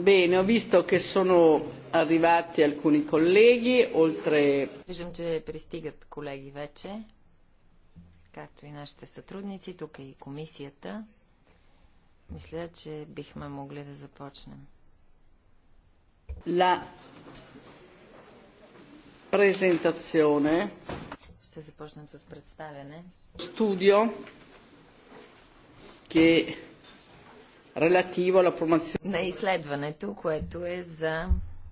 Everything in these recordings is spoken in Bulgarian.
Bene, ho visto che sono arrivati alcuni colleghi, oltre... Виждам, че пристигат колеги вече, както и нашите сътрудници, тук е и комисията. Мисля, че бихме могли да започнем. La presentazione. Ще започнем с представяне. Студио, che на изследването, което е за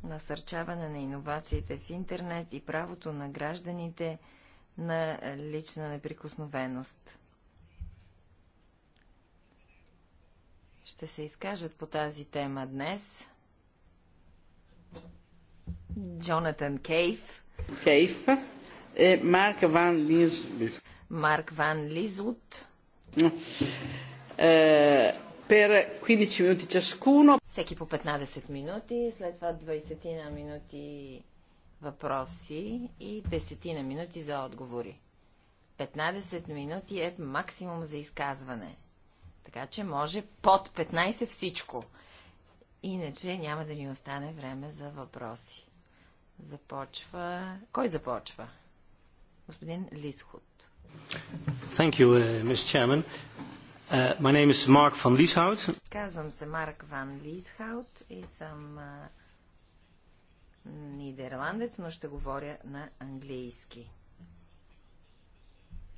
насърчаване на иновациите в интернет и правото на гражданите на лична неприкосновеност. Ще се изкажат по тази тема днес. Джонатан Кейф. Кейф. Е, Марк Ван Лизлут. Марк Ван е, per 15 minuti ciascuno. Всеки по 15 минути, след това 20 на минути въпроси и 10 на минути за отговори. 15 минути е максимум за изказване. Така че може под 15 всичко. Иначе няма да ни остане време за въпроси. Започва... Кой започва? Господин Лисхут. Thank you, uh, Uh, my name is Mark van Lieshout. Казвам се Марк Ван Лисхаут и съм нидерландец, но ще говоря на английски.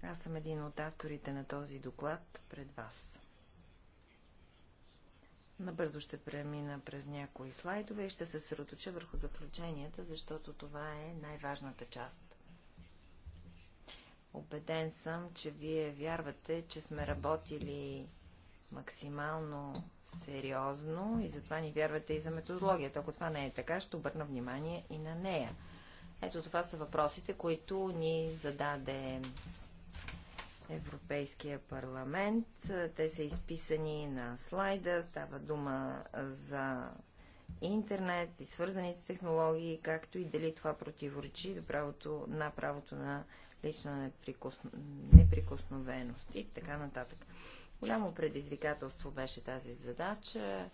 Аз съм един от авторите на този доклад пред вас. Набързо ще премина през някои слайдове и ще се съсредоточа върху заключенията, защото това е най-важната част. Обеден съм, че вие вярвате, че сме работили максимално сериозно и затова ни вярвате и за методологията. Ако това не е така, ще обърна внимание и на нея. Ето това са въпросите, които ни зададе Европейския парламент. Те са изписани на слайда. Става дума за интернет и свързаните технологии, както и дали това противоречи до правото, на правото на лична неприкосновеност и така нататък. Голямо предизвикателство беше тази задача.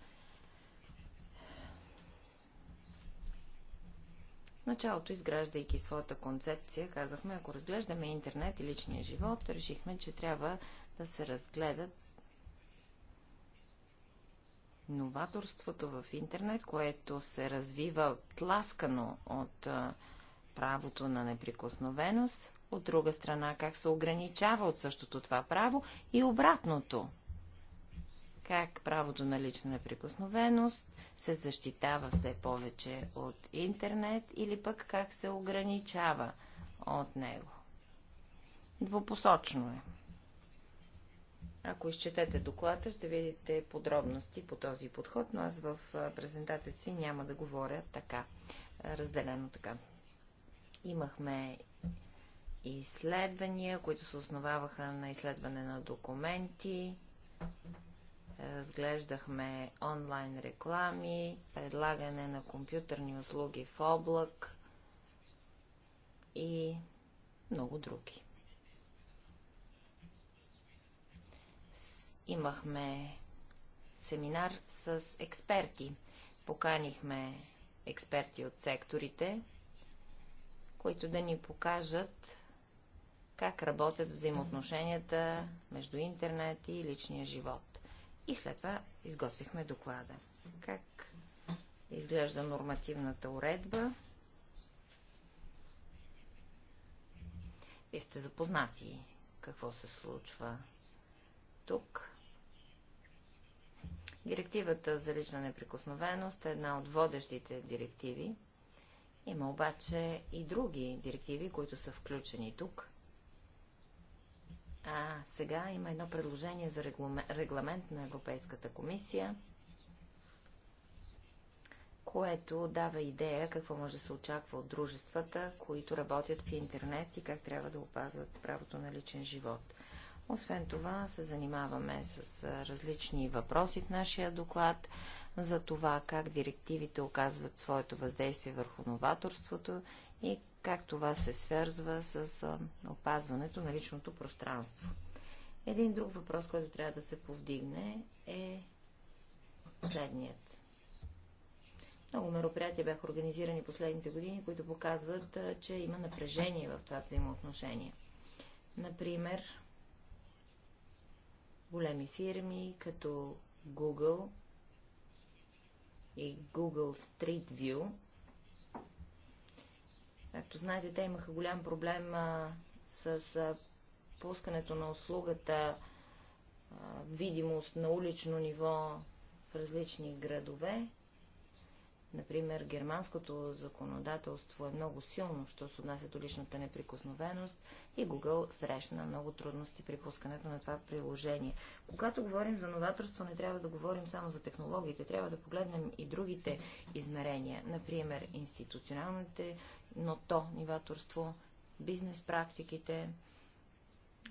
началото, изграждайки своята концепция, казахме, ако разглеждаме интернет и личния живот, решихме, че трябва да се разгледат новаторството в интернет, което се развива тласкано от правото на неприкосновеност от друга страна как се ограничава от същото това право и обратното. Как правото на лична неприкосновеност се защитава все повече от интернет или пък как се ограничава от него. Двупосочно е. Ако изчетете доклада, ще видите подробности по този подход, но аз в презентацията си няма да говоря така, разделено така. Имахме изследвания, които се основаваха на изследване на документи. Разглеждахме онлайн реклами, предлагане на компютърни услуги в облак и много други. Имахме семинар с експерти. Поканихме експерти от секторите, които да ни покажат как работят взаимоотношенията между интернет и личния живот. И след това изготвихме доклада. Как изглежда нормативната уредба? Вие сте запознати какво се случва тук. Директивата за лична неприкосновеност е една от водещите директиви. Има обаче и други директиви, които са включени тук. А сега има едно предложение за регламент на Европейската комисия, което дава идея какво може да се очаква от дружествата, които работят в интернет и как трябва да опазват правото на личен живот. Освен това се занимаваме с различни въпроси в нашия доклад за това как директивите оказват своето въздействие върху новаторството и как това се свързва с опазването на личното пространство. Един друг въпрос, който трябва да се повдигне е следният. Много мероприятия бяха организирани последните години, които показват, че има напрежение в това взаимоотношение. Например, големи фирми като Google и Google Street View – Както знаете, те имаха голям проблем а, с а, пускането на услугата а, видимост на улично ниво в различни градове. Например, германското законодателство е много силно, що се отнася до личната неприкосновеност и Google срещна много трудности при пускането на това приложение. Когато говорим за новаторство, не трябва да говорим само за технологиите, трябва да погледнем и другите измерения. Например, институционалните, но то новаторство, бизнес практиките,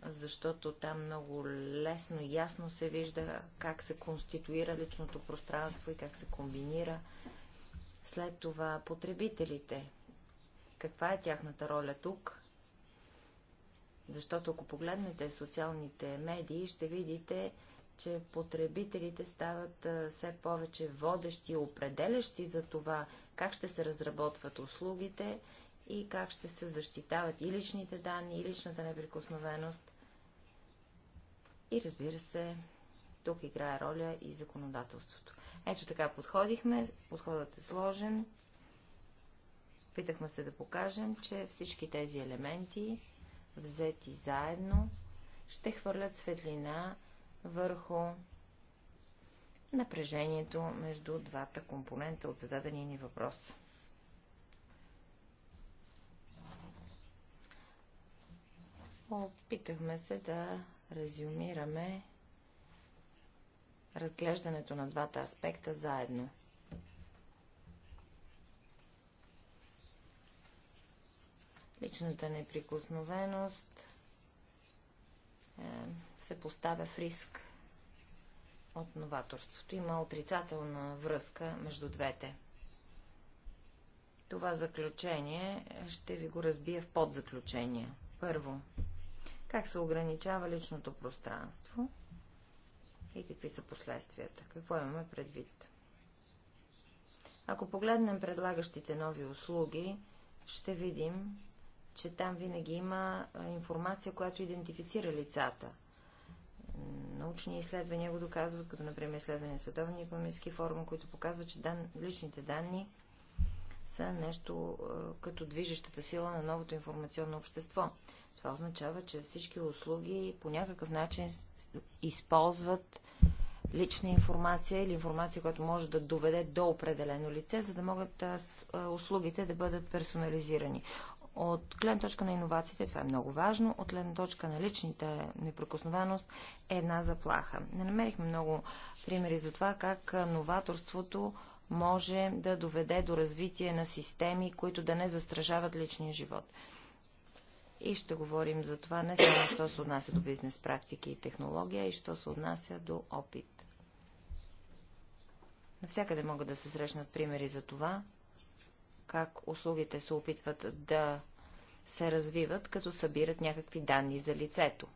защото там много лесно и ясно се вижда как се конституира личното пространство и как се комбинира – след това потребителите. Каква е тяхната роля тук? Защото ако погледнете социалните медии, ще видите, че потребителите стават все повече водещи, определящи за това как ще се разработват услугите и как ще се защитават и личните данни, и личната неприкосновеност. И разбира се, тук играе роля и законодателството. Ето така подходихме. Подходът е сложен. Питахме се да покажем, че всички тези елементи, взети заедно, ще хвърлят светлина върху напрежението между двата компонента от зададения ни въпрос. Опитахме се да резюмираме разглеждането на двата аспекта заедно. Личната неприкосновеност е, се поставя в риск от новаторството. Има отрицателна връзка между двете. Това заключение е, ще ви го разбия в подзаключение. Първо, как се ограничава личното пространство – и какви са последствията. Какво имаме предвид? Ако погледнем предлагащите нови услуги, ще видим, че там винаги има информация, която идентифицира лицата. Научни изследвания го доказват, като например изследвания Световния економически форум, които показват, че дан... личните данни са нещо като движещата сила на новото информационно общество. Това означава, че всички услуги по някакъв начин използват лична информация или информация, която може да доведе до определено лице, за да могат услугите да бъдат персонализирани. От гледна точка на иновациите това е много важно, от гледна точка на личните непрекосновеност е една заплаха. Не намерихме много примери за това как новаторството може да доведе до развитие на системи, които да не застрашават личния живот. И ще говорим за това не само, що се отнася до бизнес практики и технология, и що се отнася до опит. Навсякъде могат да се срещнат примери за това, как услугите се опитват да се развиват, като събират някакви данни за лицето.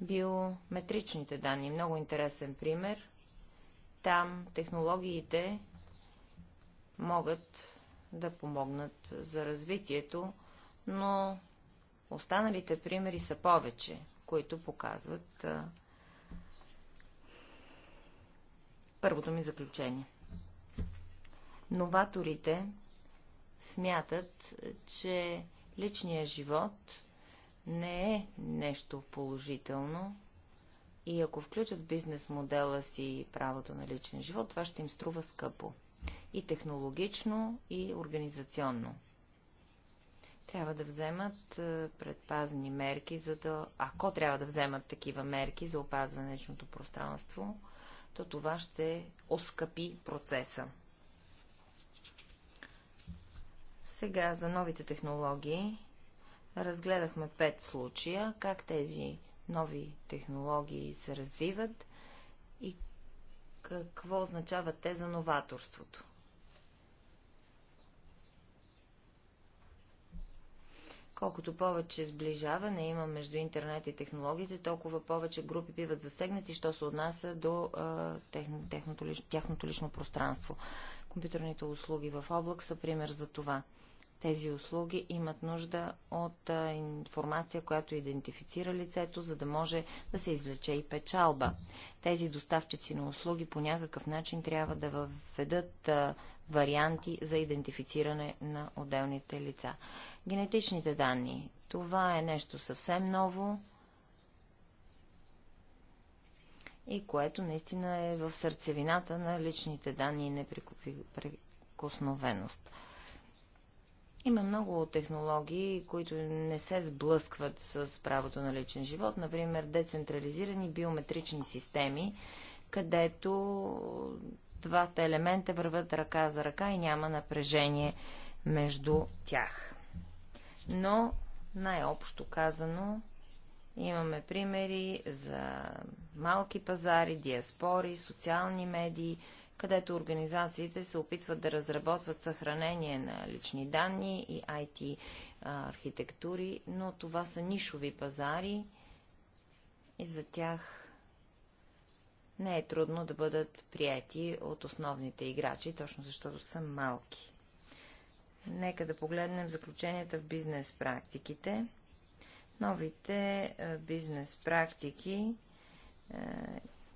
Биометричните данни. Много интересен пример. Там технологиите могат да помогнат за развитието, но останалите примери са повече, които показват Първото ми заключение. Новаторите смятат, че личният живот не е нещо положително и ако включат в бизнес модела си правото на личен живот, това ще им струва скъпо. И технологично, и организационно. Трябва да вземат е, предпазни мерки, за да... Ако трябва да вземат такива мерки за опазване на личното пространство, то това ще оскъпи процеса. Сега за новите технологии. Разгледахме пет случая, как тези нови технологии се развиват и какво означават те за новаторството. Колкото повече сближаване има между интернет и технологиите, толкова повече групи биват засегнати, що се отнася до а, техно, техното, лично, тяхното лично пространство. Компютърните услуги в облак са пример за това. Тези услуги имат нужда от а, информация, която идентифицира лицето, за да може да се извлече и печалба. Тези доставчици на услуги по някакъв начин трябва да въведат а, варианти за идентифициране на отделните лица. Генетичните данни. Това е нещо съвсем ново и което наистина е в сърцевината на личните данни и неприкосновеност. Има много технологии, които не се сблъскват с правото на личен живот, например децентрализирани биометрични системи, където двата елемента върват ръка за ръка и няма напрежение между тях. Но, най-общо казано, имаме примери за малки пазари, диаспори, социални медии, където организациите се опитват да разработват съхранение на лични данни и IT архитектури, но това са нишови пазари и за тях не е трудно да бъдат прияти от основните играчи, точно защото са малки. Нека да погледнем заключенията в бизнес практиките. Новите е, бизнес практики е,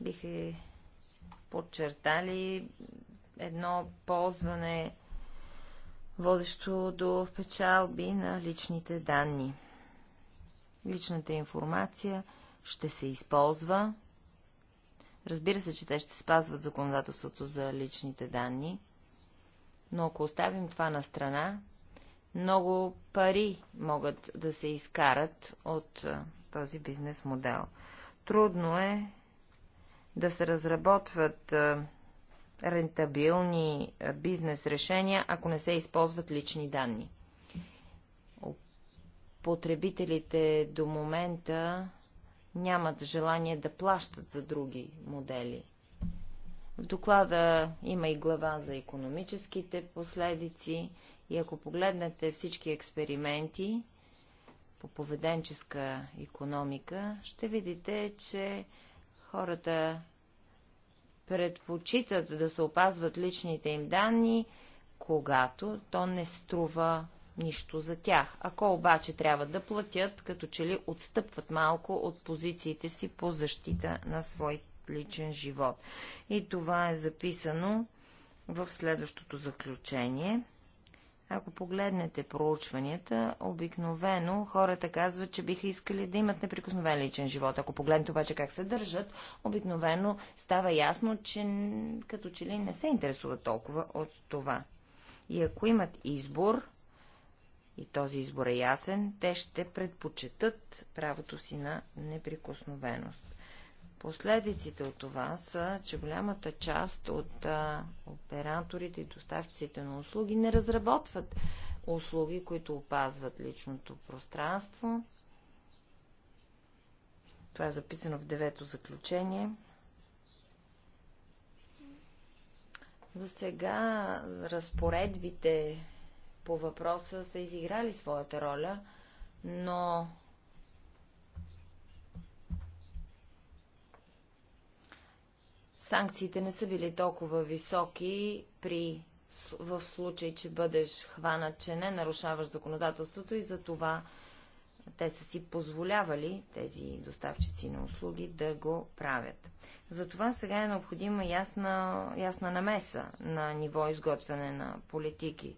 биха подчертали едно ползване, водещо до печалби на личните данни. Личната информация ще се използва Разбира се, че те ще спазват законодателството за личните данни, но ако оставим това на страна, много пари могат да се изкарат от този бизнес модел. Трудно е да се разработват рентабилни бизнес решения, ако не се използват лични данни. Потребителите до момента нямат желание да плащат за други модели. В доклада има и глава за економическите последици и ако погледнете всички експерименти по поведенческа економика, ще видите, че хората предпочитат да се опазват личните им данни, когато то не струва нищо за тях. Ако обаче трябва да платят, като че ли отстъпват малко от позициите си по защита на свой личен живот. И това е записано в следващото заключение. Ако погледнете проучванията, обикновено хората казват, че биха искали да имат неприкосновен личен живот. Ако погледнете обаче как се държат, обикновено става ясно, че като че ли не се интересуват толкова от това. И ако имат избор, и този избор е ясен, те ще предпочитат правото си на неприкосновеност. Последиците от това са, че голямата част от а, операторите и доставчиците на услуги не разработват услуги, които опазват личното пространство. Това е записано в девето заключение. До сега разпоредбите по въпроса са изиграли своята роля, но санкциите не са били толкова високи при, в случай, че бъдеш хванат, че не нарушаваш законодателството и за това те са си позволявали тези доставчици на услуги да го правят. Затова сега е необходима ясна, ясна намеса на ниво изготвяне на политики.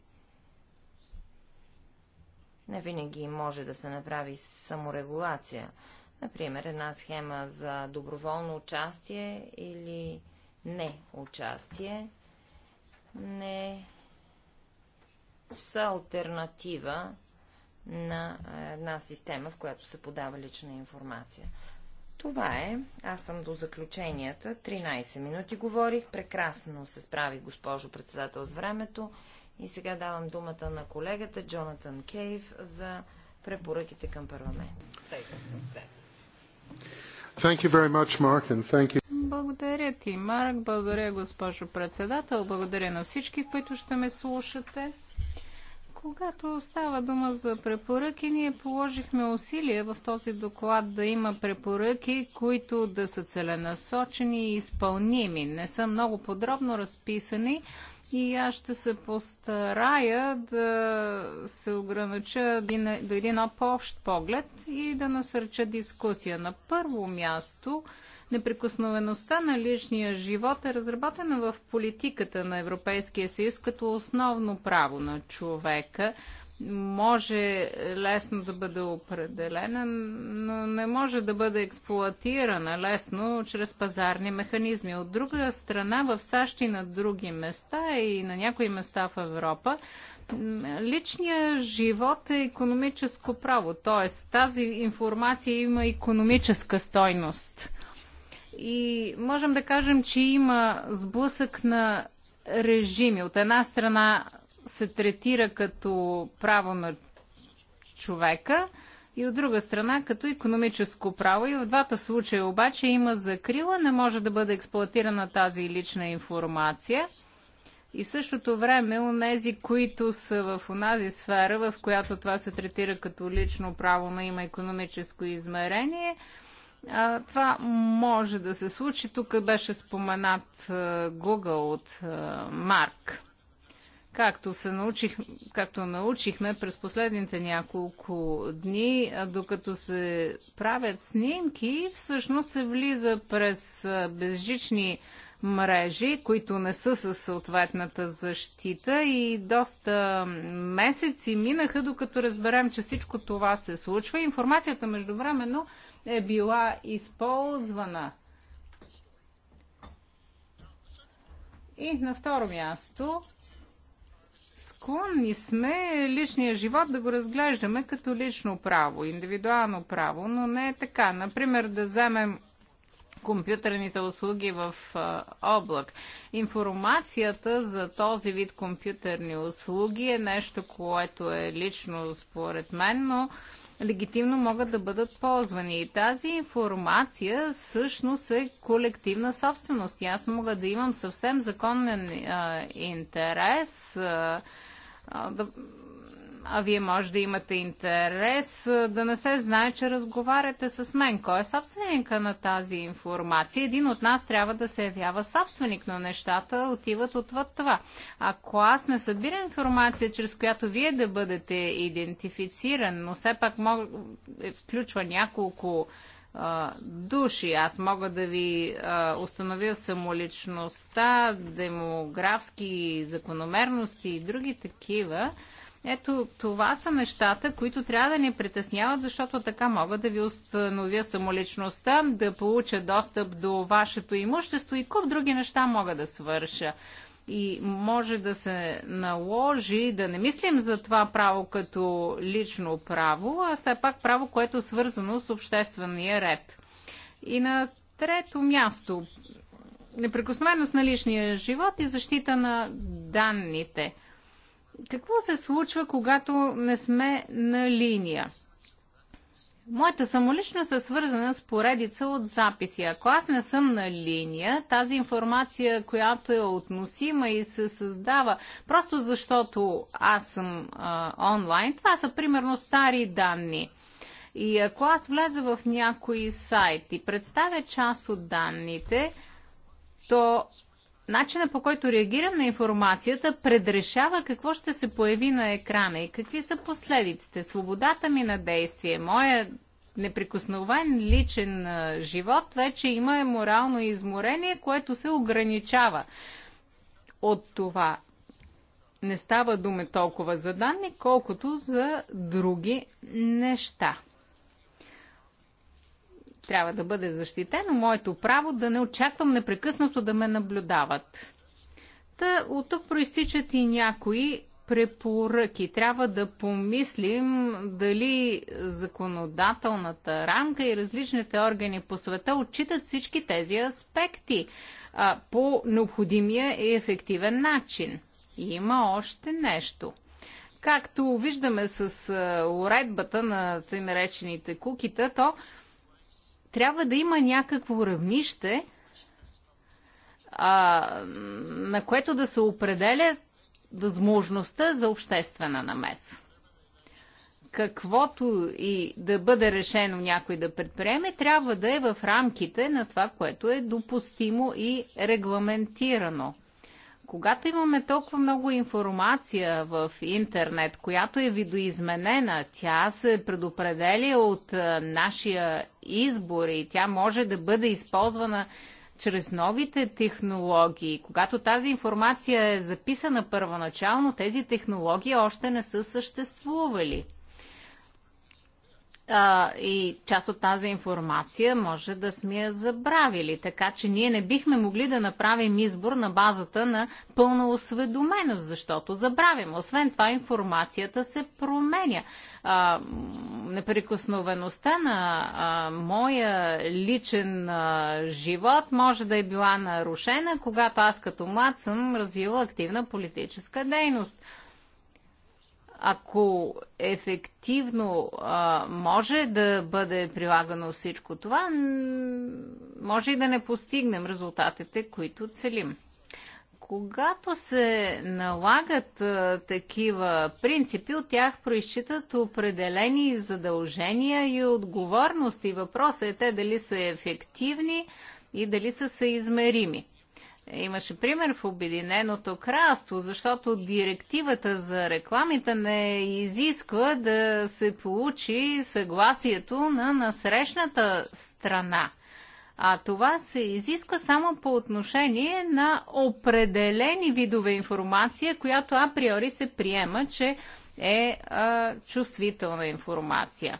Не винаги може да се направи саморегулация. Например, една схема за доброволно участие или не участие не са альтернатива на една система, в която се подава лична информация. Това е. Аз съм до заключенията. 13 минути говорих. Прекрасно се справи госпожо председател с времето. И сега давам думата на колегата Джонатан Кейв за препоръките към парламент. Much, Mark, благодаря ти, Марк. Благодаря, госпожо председател. Благодаря на всички, които ще ме слушате. Когато става дума за препоръки, ние положихме усилия в този доклад да има препоръки, които да са целенасочени и изпълними. Не са много подробно разписани, и аз ще се постарая да се огранича до един общ поглед и да насърча дискусия. На първо място, неприкосновеността на личния живот е разработена в политиката на Европейския съюз като основно право на човека – може лесно да бъде определена, но не може да бъде експлуатирана лесно чрез пазарни механизми. От друга страна, в САЩ и на други места и на някои места в Европа, личният живот е економическо право, т.е. тази информация има економическа стойност. И можем да кажем, че има сблъсък на режими. От една страна се третира като право на човека и от друга страна като економическо право. И в двата случая обаче има закрила, не може да бъде експлуатирана тази лична информация. И в същото време, у нези, които са в онази сфера, в която това се третира като лично право, но има економическо измерение, това може да се случи. Тук беше споменат Google от Марк. Както, се научих, както научихме през последните няколко дни, докато се правят снимки, всъщност се влиза през безжични мрежи, които не са със съответната защита и доста месеци минаха, докато разберем, че всичко това се случва. Информацията междувременно е била използвана. И на второ място склонни сме личния живот да го разглеждаме като лично право, индивидуално право, но не е така. Например, да вземем компютърните услуги в а, облак. Информацията за този вид компютърни услуги е нещо, което е лично според мен, но легитимно могат да бъдат ползвани. И тази информация всъщност е колективна собственост. И аз мога да имам съвсем законен а, интерес. А, а вие може да имате интерес да не се знае, че разговаряте с мен. Кой е собственика на тази информация? Един от нас трябва да се явява собственик, но нещата отиват отвъд това. Ако аз не събира информация, чрез която вие да бъдете идентифициран, но все пак мог... Е, включва няколко души. Аз мога да ви а, установя самоличността, демографски закономерности и други такива. Ето, това са нещата, които трябва да ни притесняват, защото така мога да ви установя самоличността, да получа достъп до вашето имущество и куп други неща мога да свърша и може да се наложи да не мислим за това право като лично право, а все пак право, което е свързано с обществения ред. И на трето място неприкосновеност на личния живот и защита на данните. Какво се случва, когато не сме на линия? Моята самоличност е свързана с поредица от записи. Ако аз не съм на линия, тази информация, която е относима и се създава, просто защото аз съм а, онлайн, това са примерно стари данни. И ако аз вляза в някой сайт и представя част от данните, то начина по който реагирам на информацията предрешава какво ще се появи на екрана и какви са последиците. Свободата ми на действие, моя неприкосновен личен живот вече има морално изморение, което се ограничава от това. Не става дума толкова за данни, колкото за други неща трябва да бъде защитено моето право да не очаквам непрекъснато да ме наблюдават. Та от тук проистичат и някои препоръки. Трябва да помислим дали законодателната рамка и различните органи по света отчитат всички тези аспекти а, по необходимия и ефективен начин. И има още нещо. Както виждаме с уредбата на тъй наречените кукита, то трябва да има някакво равнище, а, на което да се определя възможността за обществена намеса. Каквото и да бъде решено някой да предприеме, трябва да е в рамките на това, което е допустимо и регламентирано когато имаме толкова много информация в интернет, която е видоизменена, тя се предопределя от е, нашия избор и тя може да бъде използвана чрез новите технологии. Когато тази информация е записана първоначално, тези технологии още не са съществували а, и част от тази информация може да сме я забравили. Така че ние не бихме могли да направим избор на базата на пълна осведоменост, защото забравим. Освен това, информацията се променя. А, неприкосновеността на а, моя личен а, живот може да е била нарушена, когато аз като млад съм развила активна политическа дейност ако ефективно а, може да бъде прилагано всичко това, може и да не постигнем резултатите, които целим. Когато се налагат а, такива принципи, от тях произчитат определени задължения и отговорности. Въпросът е те дали са ефективни и дали са съизмерими имаше пример в Обединеното кралство, защото директивата за рекламите не изисква да се получи съгласието на насрещната страна. А това се изисква само по отношение на определени видове информация, която априори се приема, че е а, чувствителна информация.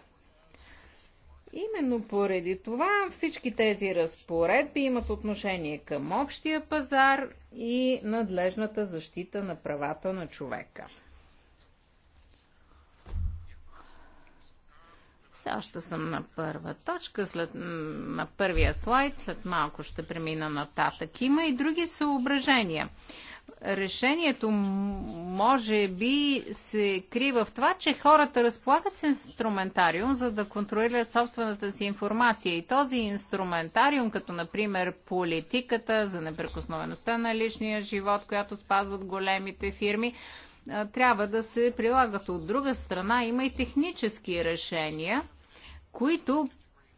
Именно поради това всички тези разпоредби имат отношение към общия пазар и надлежната защита на правата на човека. Сега още съм на първа точка, след, на първия слайд, след малко ще премина нататък. Има и други съображения решението може би се крие в това, че хората разполагат с инструментариум, за да контролират собствената си информация. И този инструментариум, като например политиката за неприкосновеността на личния живот, която спазват големите фирми, трябва да се прилагат. От друга страна има и технически решения, които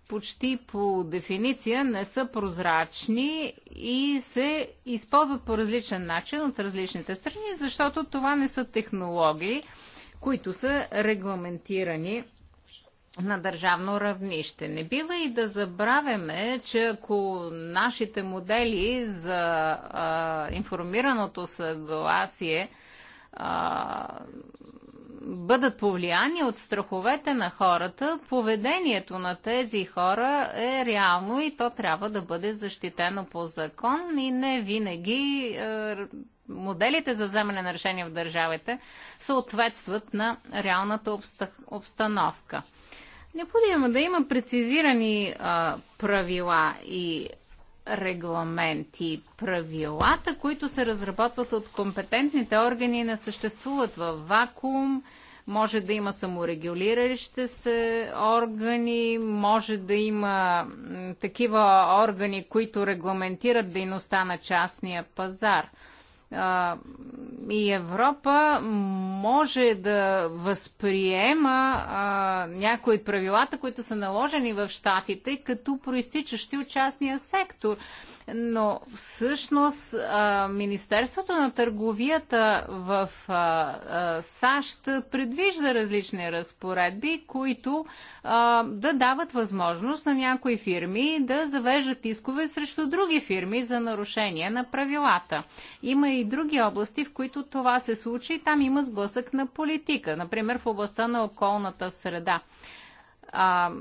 почти по дефиниция не са прозрачни и се използват по различен начин от различните страни, защото това не са технологии, които са регламентирани на държавно равнище. Не бива и да забравяме, че ако нашите модели за а, информираното съгласие а, бъдат повлияни от страховете на хората, поведението на тези хора е реално и то трябва да бъде защитено по закон и не винаги е, моделите за вземане на решения в държавите съответстват на реалната обстановка. Необходимо е да има прецизирани а, правила и регламенти. Правилата, които се разработват от компетентните органи, не съществуват в вакуум. Може да има саморегулиращи се органи, може да има такива органи, които регламентират дейността на частния пазар и Европа може да възприема а, някои от правилата, които са наложени в Штатите, като проистичащи от частния сектор. Но всъщност а, Министерството на търговията в а, а, САЩ предвижда различни разпоредби, които а, да дават възможност на някои фирми да завеждат искове срещу други фирми за нарушение на правилата. Има и други области, в които това се случи и там има сблъсък на политика, например в областта на околната среда. А,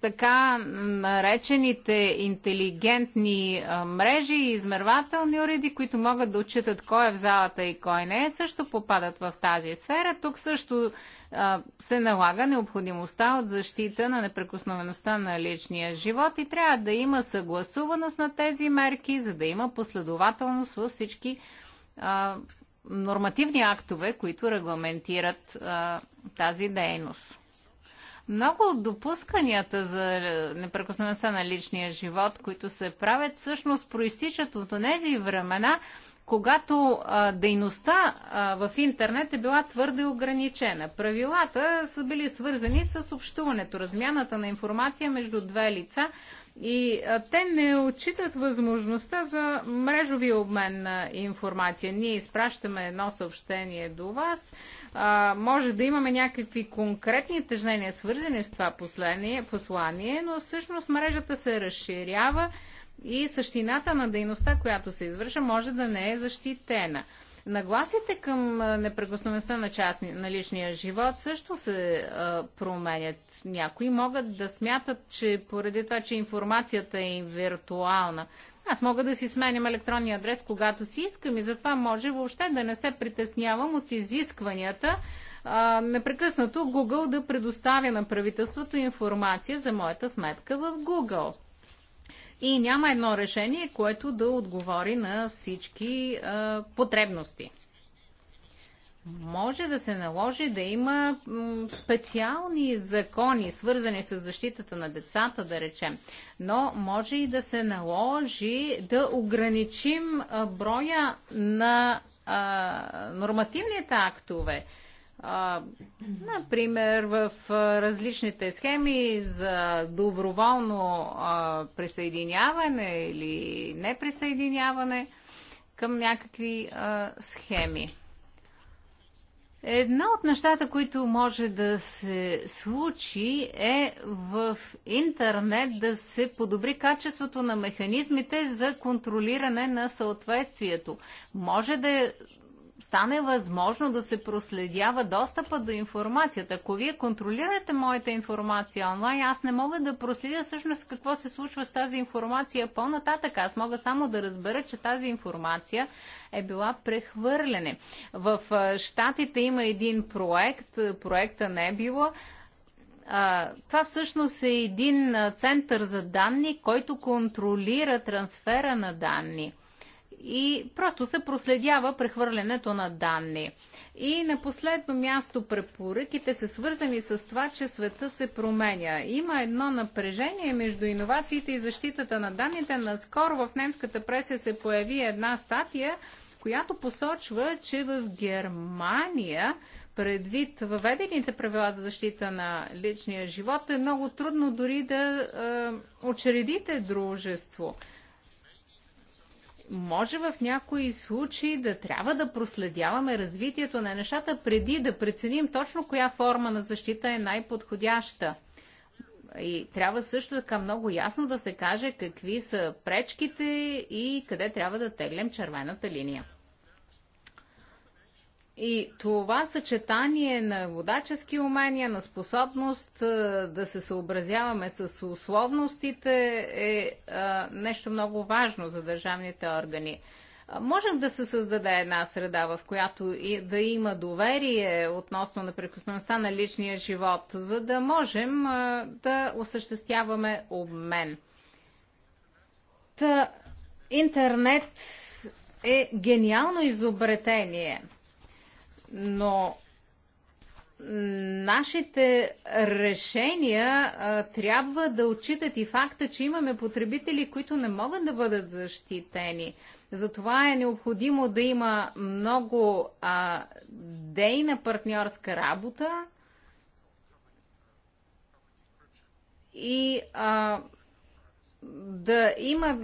така наречените интелигентни мрежи и измервателни уреди, които могат да отчитат кой е в залата и кой не е, също попадат в тази сфера. Тук също се налага необходимостта от защита на непрекосновеността на личния живот и трябва да има съгласуваност на тези мерки, за да има последователност във всички нормативни актове, които регламентират тази дейност. Много от допусканията за непрекосновеността на личния живот, които се правят, всъщност проистичат от тези времена, когато а, дейността а, в интернет е била твърде ограничена. Правилата са били свързани с общуването, размяната на информация между две лица и а, те не отчитат възможността за мрежови обмен на информация. Ние изпращаме едно съобщение до вас. А, може да имаме някакви конкретни тъжнения, свързани с това послание, послание, но всъщност мрежата се разширява и същината на дейността, която се извършва, може да не е защитена. Нагласите към непрекосновеността на, частни, на личния живот също се а, променят. Някои могат да смятат, че поради това, че информацията е виртуална, аз мога да си сменям електронния адрес, когато си искам и затова може въобще да не се притеснявам от изискванията а, непрекъснато Google да предоставя на правителството информация за моята сметка в Google и няма едно решение, което да отговори на всички а, потребности. Може да се наложи да има специални закони, свързани с защитата на децата, да речем, но може и да се наложи да ограничим броя на а, нормативните актове, а, например, в различните схеми за доброволно а, присъединяване или неприсъединяване към някакви а, схеми. Една от нещата, които може да се случи е в интернет да се подобри качеството на механизмите за контролиране на съответствието. Може да е стане възможно да се проследява достъпа до информацията. Ако вие контролирате моята информация онлайн, аз не мога да проследя всъщност какво се случва с тази информация по-нататък. Аз мога само да разбера, че тази информация е била прехвърлене. В Штатите има един проект, проекта не е било. това всъщност е един център за данни, който контролира трансфера на данни – и просто се проследява прехвърлянето на данни. И на последно място препоръките са свързани с това, че света се променя. Има едно напрежение между иновациите и защитата на данните. Наскоро в немската преса се появи една статия, която посочва, че в Германия предвид въведените правила за защита на личния живот е много трудно дори да е, учредите дружество може в някои случаи да трябва да проследяваме развитието на нещата преди да преценим точно коя форма на защита е най-подходяща. И трябва също така много ясно да се каже какви са пречките и къде трябва да теглем червената линия. И това съчетание на водачески умения, на способност да се съобразяваме с условностите е нещо много важно за държавните органи. Можем да се създаде една среда, в която и да има доверие относно непрекосновеността на личния живот, за да можем да осъществяваме обмен. Та, интернет е гениално изобретение – но нашите решения а, трябва да отчитат и факта, че имаме потребители, които не могат да бъдат защитени. Затова е необходимо да има много а, дейна партньорска работа и а, да има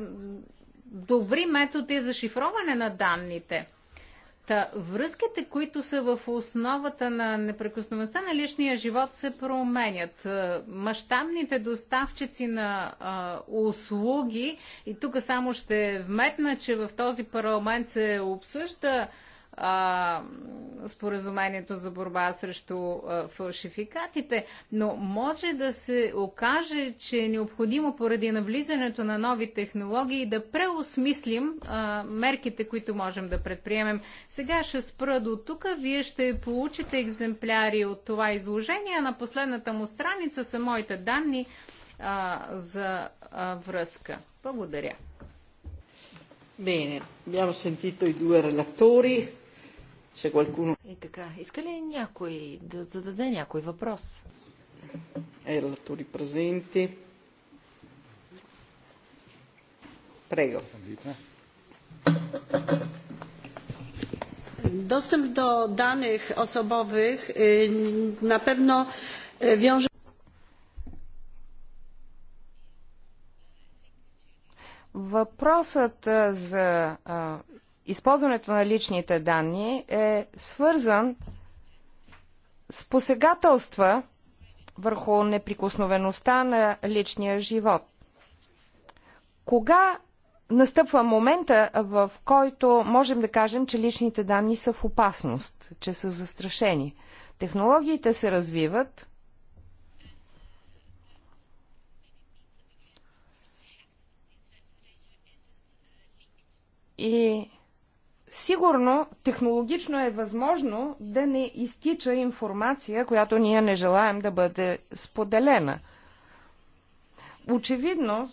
добри методи за шифроване на данните – Та, връзките, които са в основата на непрекосновеността на личния живот, се променят. Е, мащабните доставчици на а, услуги, и тук само ще вметна, че в този парламент се обсъжда споразумението за борба срещу а, фалшификатите, но може да се окаже, че е необходимо поради навлизането на нови технологии да преосмислим а, мерките, които можем да предприемем. Сега ще спра до тук. Вие ще получите екземпляри от това изложение. На последната му страница са моите данни а, за а, връзка. Благодаря. Bene, abbiamo sentito i due relatori. И така, иска ли някой да зададе някой въпрос? Е, Ела тури презенти. Прего. Dostęp do danych osobowych na pewno wiąże Въпросът за използването на личните данни е свързан с посегателства върху неприкосновеността на личния живот. Кога настъпва момента, в който можем да кажем, че личните данни са в опасност, че са застрашени? Технологиите се развиват. И сигурно технологично е възможно да не изтича информация, която ние не желаем да бъде споделена. Очевидно,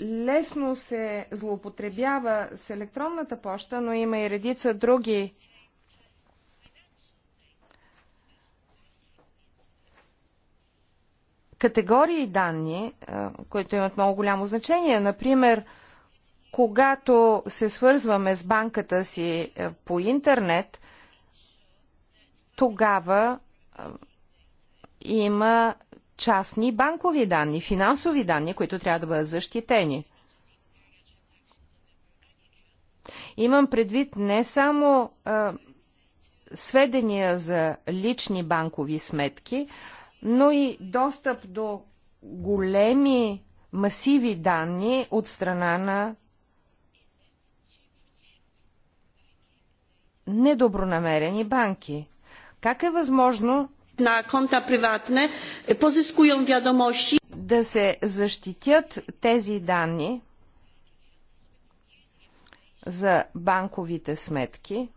лесно се злоупотребява с електронната поща, но има и редица други категории данни, които имат много голямо значение. Например, когато се свързваме с банката си е, по интернет, тогава е, има частни банкови данни, финансови данни, които трябва да бъдат защитени. Имам предвид не само а, е, сведения за лични банкови сметки, но и достъп до големи масиви данни от страна на недобронамерени банки. Как е възможно на конта приватне е, позискуем вядомощи да се защитят тези данни за банковите сметки?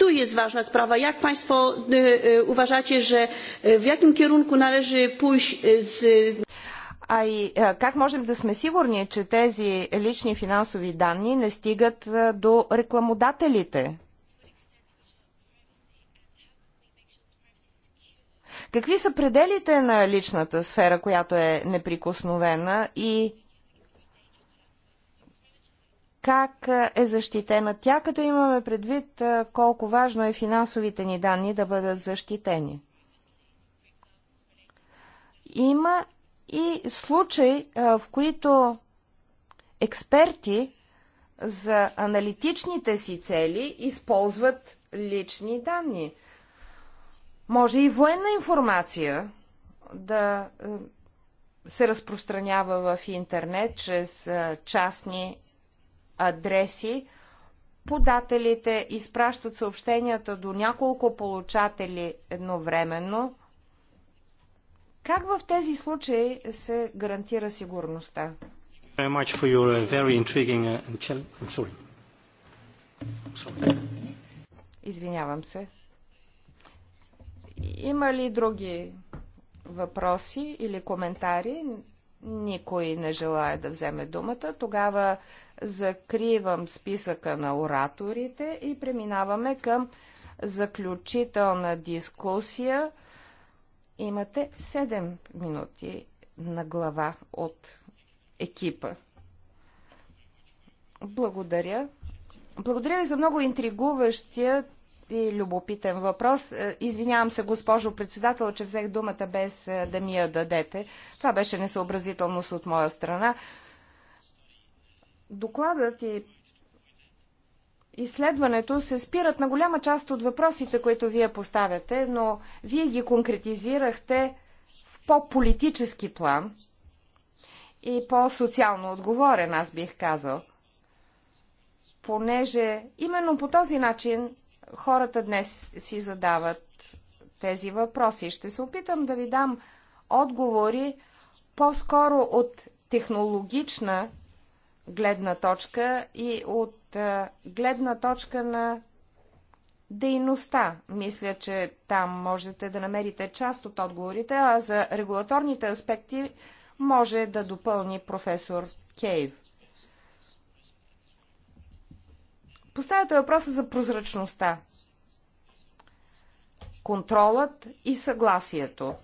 tu jest ważna sprawa jak państwo e, e, uważacie że e, w jakim kierunku należy pójść z а и е, как можем да сме сигурни, че тези лични финансови данни не стигат е, до рекламодателите? Какви са пределите на личната сфера, която е неприкосновена и как е, е защитена тя, като имаме предвид колко важно е финансовите ни данни да бъдат защитени? Има и случаи, в които експерти за аналитичните си цели използват лични данни. Може и военна информация да се разпространява в интернет чрез частни адреси. Подателите изпращат съобщенията до няколко получатели едновременно – как в тези случаи се гарантира сигурността? Извинявам се. Има ли други въпроси или коментари? Никой не желая да вземе думата. Тогава закривам списъка на ораторите и преминаваме към заключителна дискусия. Имате 7 минути на глава от екипа. Благодаря. Благодаря ви за много интригуващия и любопитен въпрос. Е, извинявам се, госпожо председател, че взех думата без е, да ми я дадете. Това беше несъобразителност от моя страна. Докладът и изследването се спират на голяма част от въпросите, които вие поставяте, но вие ги конкретизирахте в по-политически план и по-социално отговорен, аз бих казал. Понеже именно по този начин хората днес си задават тези въпроси. Ще се опитам да ви дам отговори по-скоро от технологична гледна точка и от гледна точка на дейността. Мисля, че там можете да намерите част от отговорите, а за регулаторните аспекти може да допълни професор Кейв. Поставяте въпроса за прозрачността, контролът и съгласието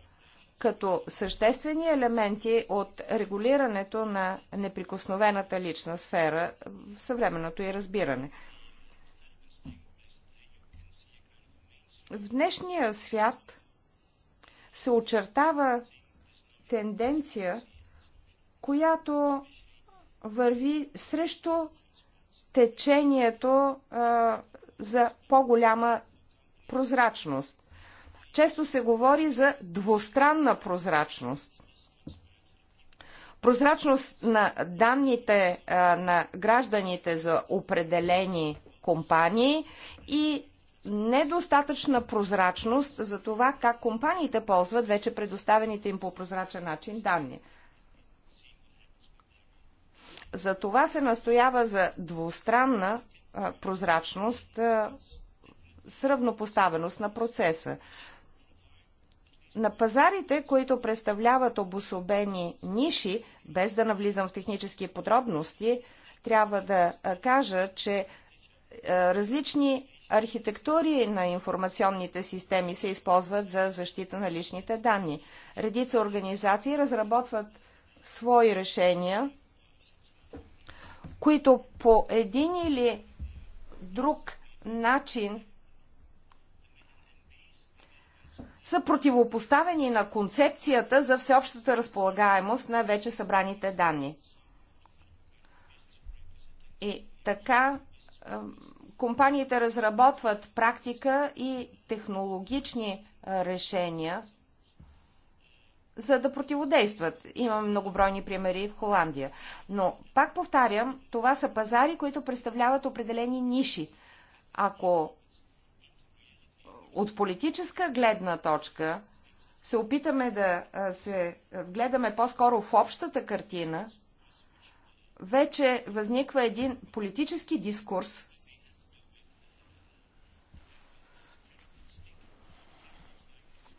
като съществени елементи от регулирането на неприкосновената лична сфера в съвременното и разбиране. В днешния свят се очертава тенденция, която върви срещу течението а, за по-голяма прозрачност често се говори за двустранна прозрачност. Прозрачност на данните на гражданите за определени компании и недостатъчна прозрачност за това как компаниите ползват вече предоставените им по прозрачен начин данни. За това се настоява за двустранна а, прозрачност а, с равнопоставеност на процеса на пазарите, които представляват обособени ниши, без да навлизам в технически подробности, трябва да кажа, че различни архитектури на информационните системи се използват за защита на личните данни. Редица организации разработват свои решения, които по един или друг начин са противопоставени на концепцията за всеобщата разполагаемост на вече събраните данни. И така компаниите разработват практика и технологични решения, за да противодействат. Имам многобройни примери в Холандия. Но, пак повтарям, това са пазари, които представляват определени ниши. Ако от политическа гледна точка се опитаме да се гледаме по-скоро в общата картина, вече възниква един политически дискурс,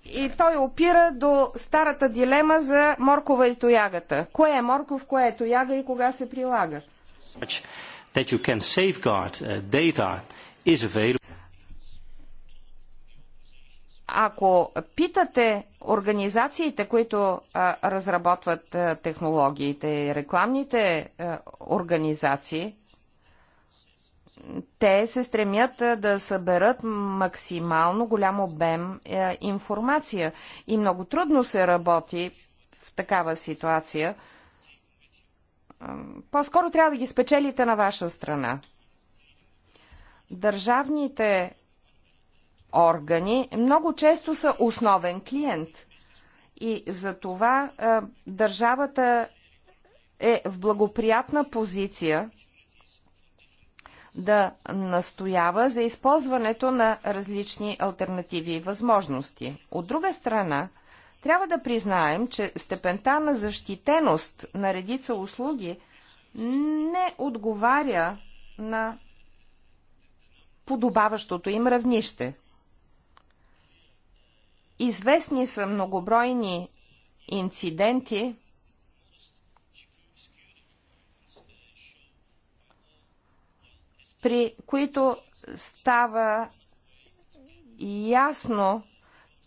и той опира до старата дилема за моркова и тоягата. Кое е морков, кое е тояга и кога се прилага? Ако питате организациите, които а, разработват а, технологиите, рекламните а, организации, те се стремят а, да съберат максимално голям обем а, информация. И много трудно се работи в такава ситуация. По-скоро трябва да ги спечелите на ваша страна. Държавните органи, много често са основен клиент. И за това а, държавата е в благоприятна позиция да настоява за използването на различни альтернативи и възможности. От друга страна, трябва да признаем, че степента на защитеност на редица услуги не отговаря на подобаващото им равнище – Известни са многобройни инциденти, при които става ясно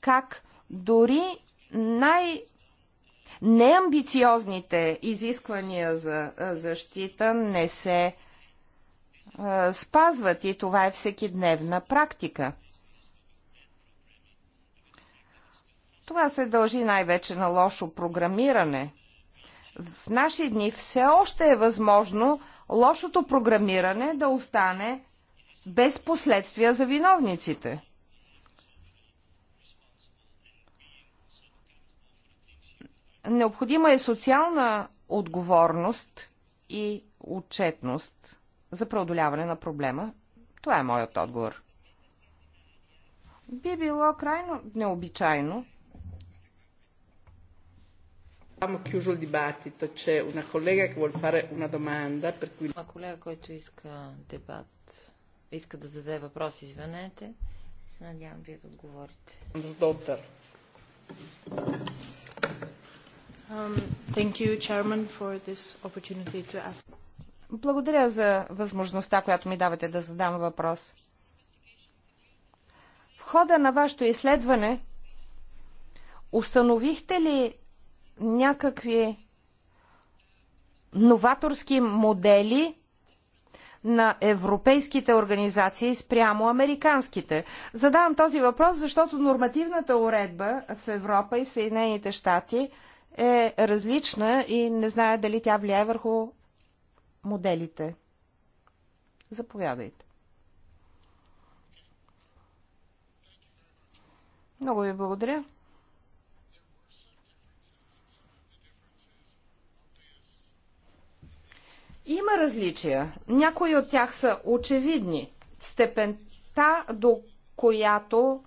как дори най- неамбициозните изисквания за защита не се спазват и това е всекидневна практика. Това се дължи най-вече на лошо програмиране. В наши дни все още е възможно лошото програмиране да остане без последствия за виновниците. Необходима е социална отговорност и отчетност за преодоляване на проблема. Това е моят отговор. Би било крайно необичайно Abbiamo chiuso il dibattito, c'è una collega che vuole fare una domanda. Per cui... колега, който иска дебат, иска да зададе въпрос, извинете. Се надявам вие да отговорите. Um, thank you, Chairman, for this opportunity to ask. Благодаря за възможността, която ми давате да задам въпрос. В хода на вашето изследване установихте ли някакви новаторски модели на европейските организации спрямо американските. Задавам този въпрос, защото нормативната уредба в Европа и в Съединените щати е различна и не зная дали тя влияе върху моделите. Заповядайте. Много ви благодаря. Има различия. Някои от тях са очевидни. Степента, до която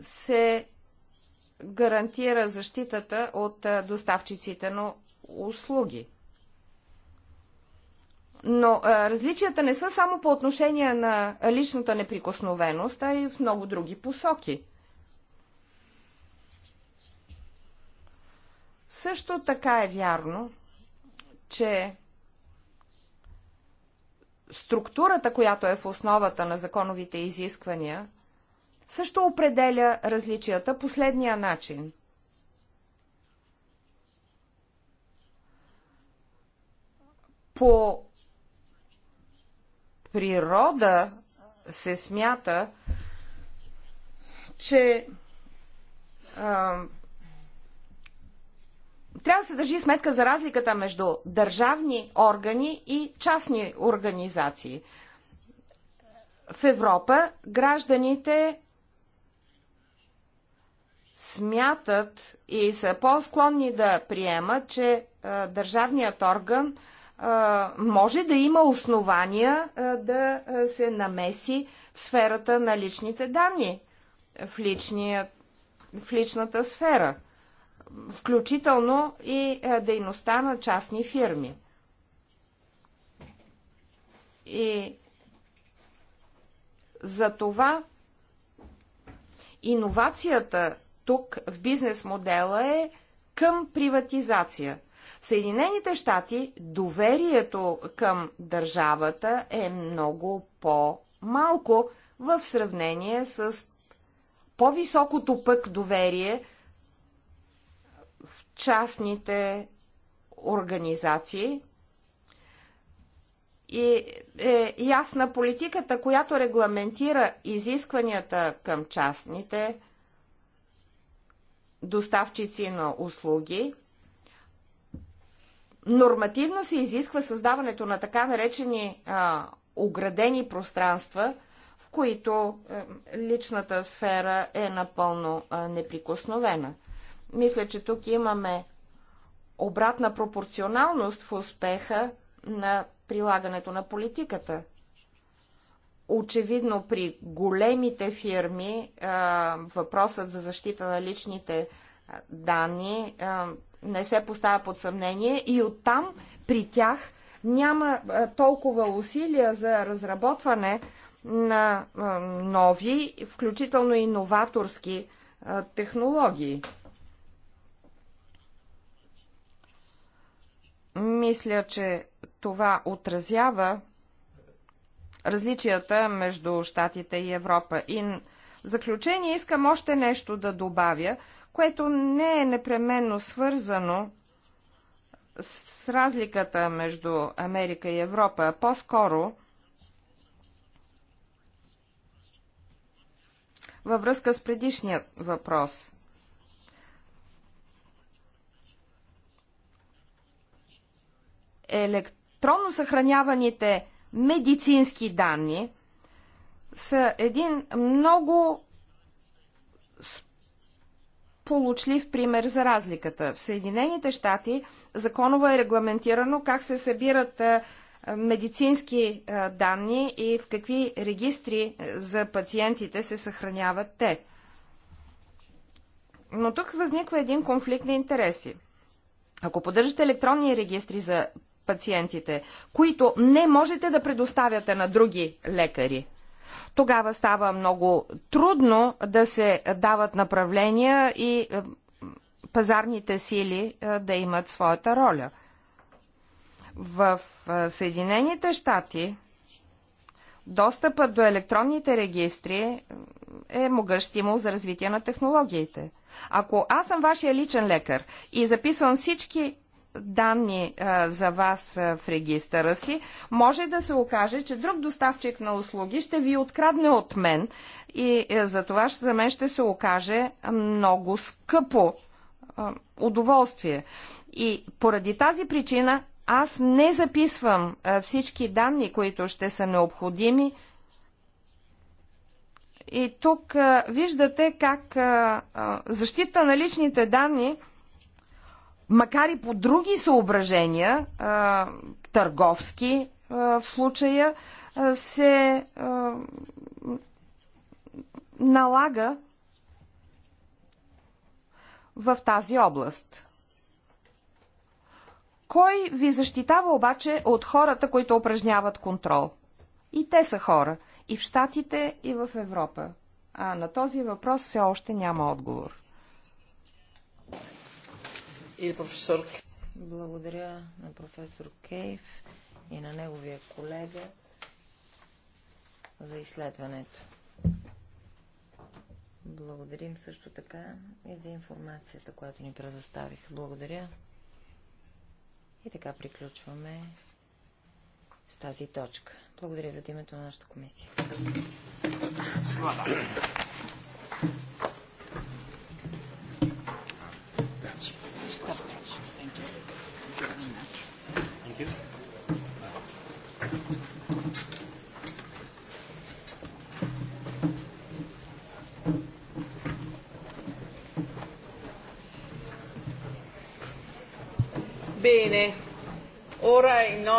се гарантира защитата от доставчиците на услуги. Но различията не са само по отношение на личната неприкосновеност, а и в много други посоки. Също така е вярно, че структурата, която е в основата на законовите изисквания, също определя различията последния начин. По природа се смята, че а, трябва да се държи сметка за разликата между държавни органи и частни организации. В Европа гражданите смятат и са по-склонни да приемат, че а, държавният орган а, може да има основания а, да се намеси в сферата на личните данни, в, личния, в личната сфера – включително и е, дейността на частни фирми. И за това иновацията тук в бизнес модела е към приватизация. В Съединените щати доверието към държавата е много по-малко в сравнение с по-високото пък доверие частните организации и е ясна политиката, която регламентира изискванията към частните доставчици на услуги. Нормативно се изисква създаването на така наречени а, оградени пространства, в които а, е, личната сфера е напълно а, неприкосновена – мисля, че тук имаме обратна пропорционалност в успеха на прилагането на политиката. Очевидно при големите фирми въпросът за защита на личните данни не се поставя под съмнение и оттам при тях няма толкова усилия за разработване на нови, включително иноваторски технологии. Мисля, че това отразява различията между Штатите и Европа. И в заключение искам още нещо да добавя, което не е непременно свързано с разликата между Америка и Европа, а по-скоро във връзка с предишния въпрос. електронно съхраняваните медицински данни са един много получлив пример за разликата. В Съединените щати законово е регламентирано как се събират медицински данни и в какви регистри за пациентите се съхраняват те. Но тук възниква един конфликт на интереси. Ако поддържате електронни регистри за пациентите, които не можете да предоставяте на други лекари. Тогава става много трудно да се дават направления и е, пазарните сили е, да имат своята роля. В е, Съединените щати достъпът до електронните регистри е могъщ стимул за развитие на технологиите. Ако аз съм вашия личен лекар и записвам всички данни а, за вас а, в регистъра си, може да се окаже, че друг доставчик на услуги ще ви открадне от мен и а, е, за това за мен ще се окаже много скъпо а, удоволствие. И поради тази причина аз не записвам а, всички данни, които ще са необходими. И тук а, виждате как а, а, защита на личните данни – макар и по други съображения, търговски в случая, се налага в тази област. Кой ви защитава обаче от хората, които упражняват контрол? И те са хора. И в Штатите, и в Европа. А на този въпрос все още няма отговор и професор Благодаря на професор Кейв и на неговия колега за изследването. Благодарим също така и за информацията, която ни предоставих. Благодаря. И така приключваме с тази точка. Благодаря ви от името на нашата комисия.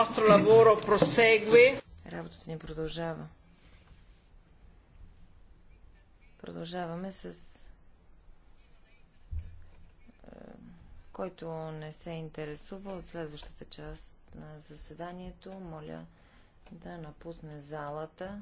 nostro lavoro prosegue. Работата ни продължава. Продължаваме с е, който не се интересува от следващата част на заседанието, моля да напусне залата.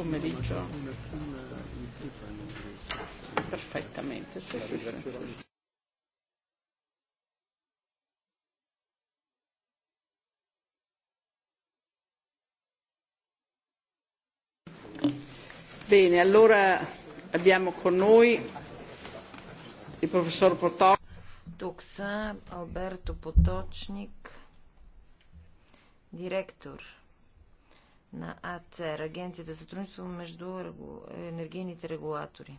pomeriggio. Perfettamente, sì, sì, sì. Bene, allora abbiamo con noi il professor Potocnik. Тук Alberto Potocnik, direttore на АЦЕР, Агенцията за сътрудничество между енергийните регулатори.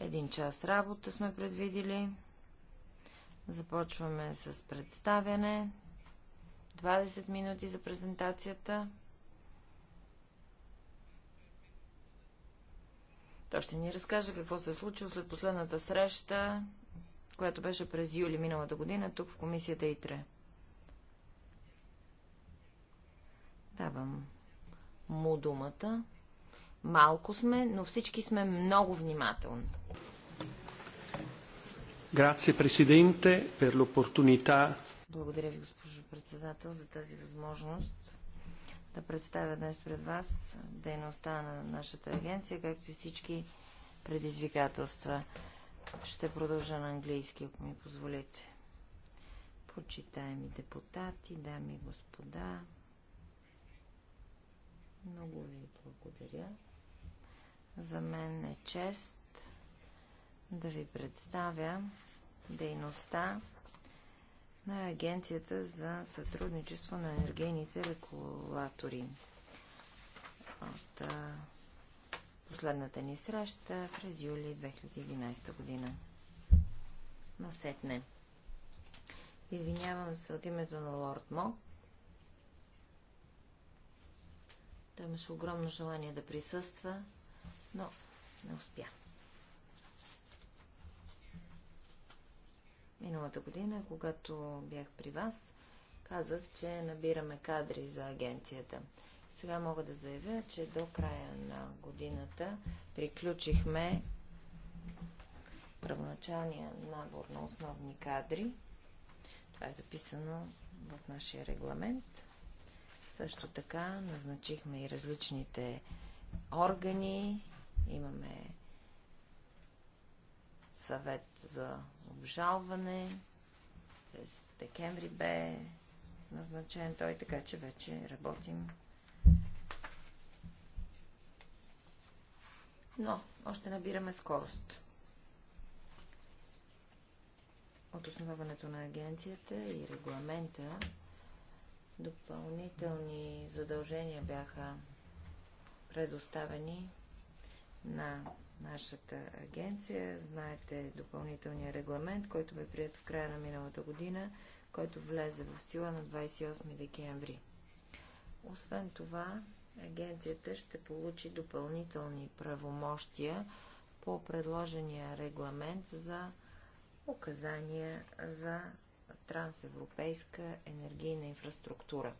Един час работа сме предвидили. Започваме с представяне. 20 минути за презентацията. То ще ни разкаже какво се е случило след последната среща която беше през юли миналата година тук в комисията ИТРЕ. Давам му думата. Малко сме, но всички сме много внимателни. Grazie Presidente per l'opportunità. Благодаря ви, госпожо председател, за тази възможност да представя днес пред вас дейността на нашата агенция, както и всички предизвикателства. Ще продължа на английски, ако ми позволите. Почитаеми депутати, дами и господа, много ви благодаря. За мен е чест да ви представя дейността на Агенцията за сътрудничество на енергийните регулатори от последната ни среща през юли 2011 година. Насетне. Извинявам се от името на Лорд Мо. Той имаше огромно желание да присъства, но не успя. Миналата година, когато бях при вас, казах, че набираме кадри за агенцията. Сега мога да заявя, че до края на годината приключихме първоначалния набор на основни кадри. Това е записано в нашия регламент. Също така назначихме и различните органи. Имаме съвет за обжалване. През декември бе назначен той, така че вече работим но още набираме скорост. От основаването на агенцията и регламента допълнителни задължения бяха предоставени на нашата агенция. Знаете допълнителния регламент, който бе прият в края на миналата година, който влезе в сила на 28 декември. Освен това, агенцията ще получи допълнителни правомощия по предложения регламент за указания за трансевропейска енергийна инфраструктура.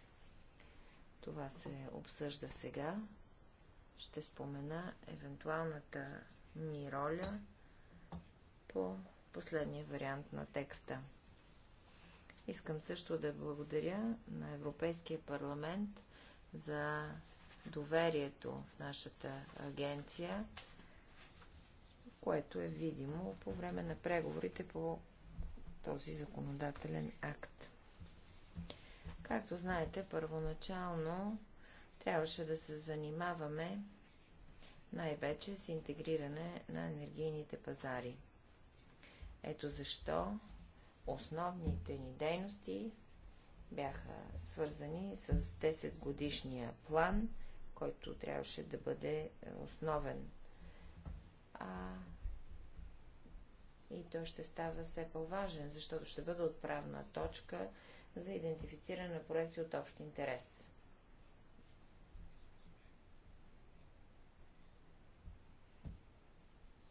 Това се обсъжда сега. Ще спомена евентуалната ни роля по последния вариант на текста. Искам също да благодаря на Европейския парламент за доверието в нашата агенция, което е видимо по време на преговорите по този законодателен акт. Както знаете, първоначално трябваше да се занимаваме най-вече с интегриране на енергийните пазари. Ето защо основните ни дейности бяха свързани с 10 годишния план който трябваше да бъде е, основен. А... И той ще става все по-важен, защото ще бъде отправна точка за идентифициране на проекти от общ интерес.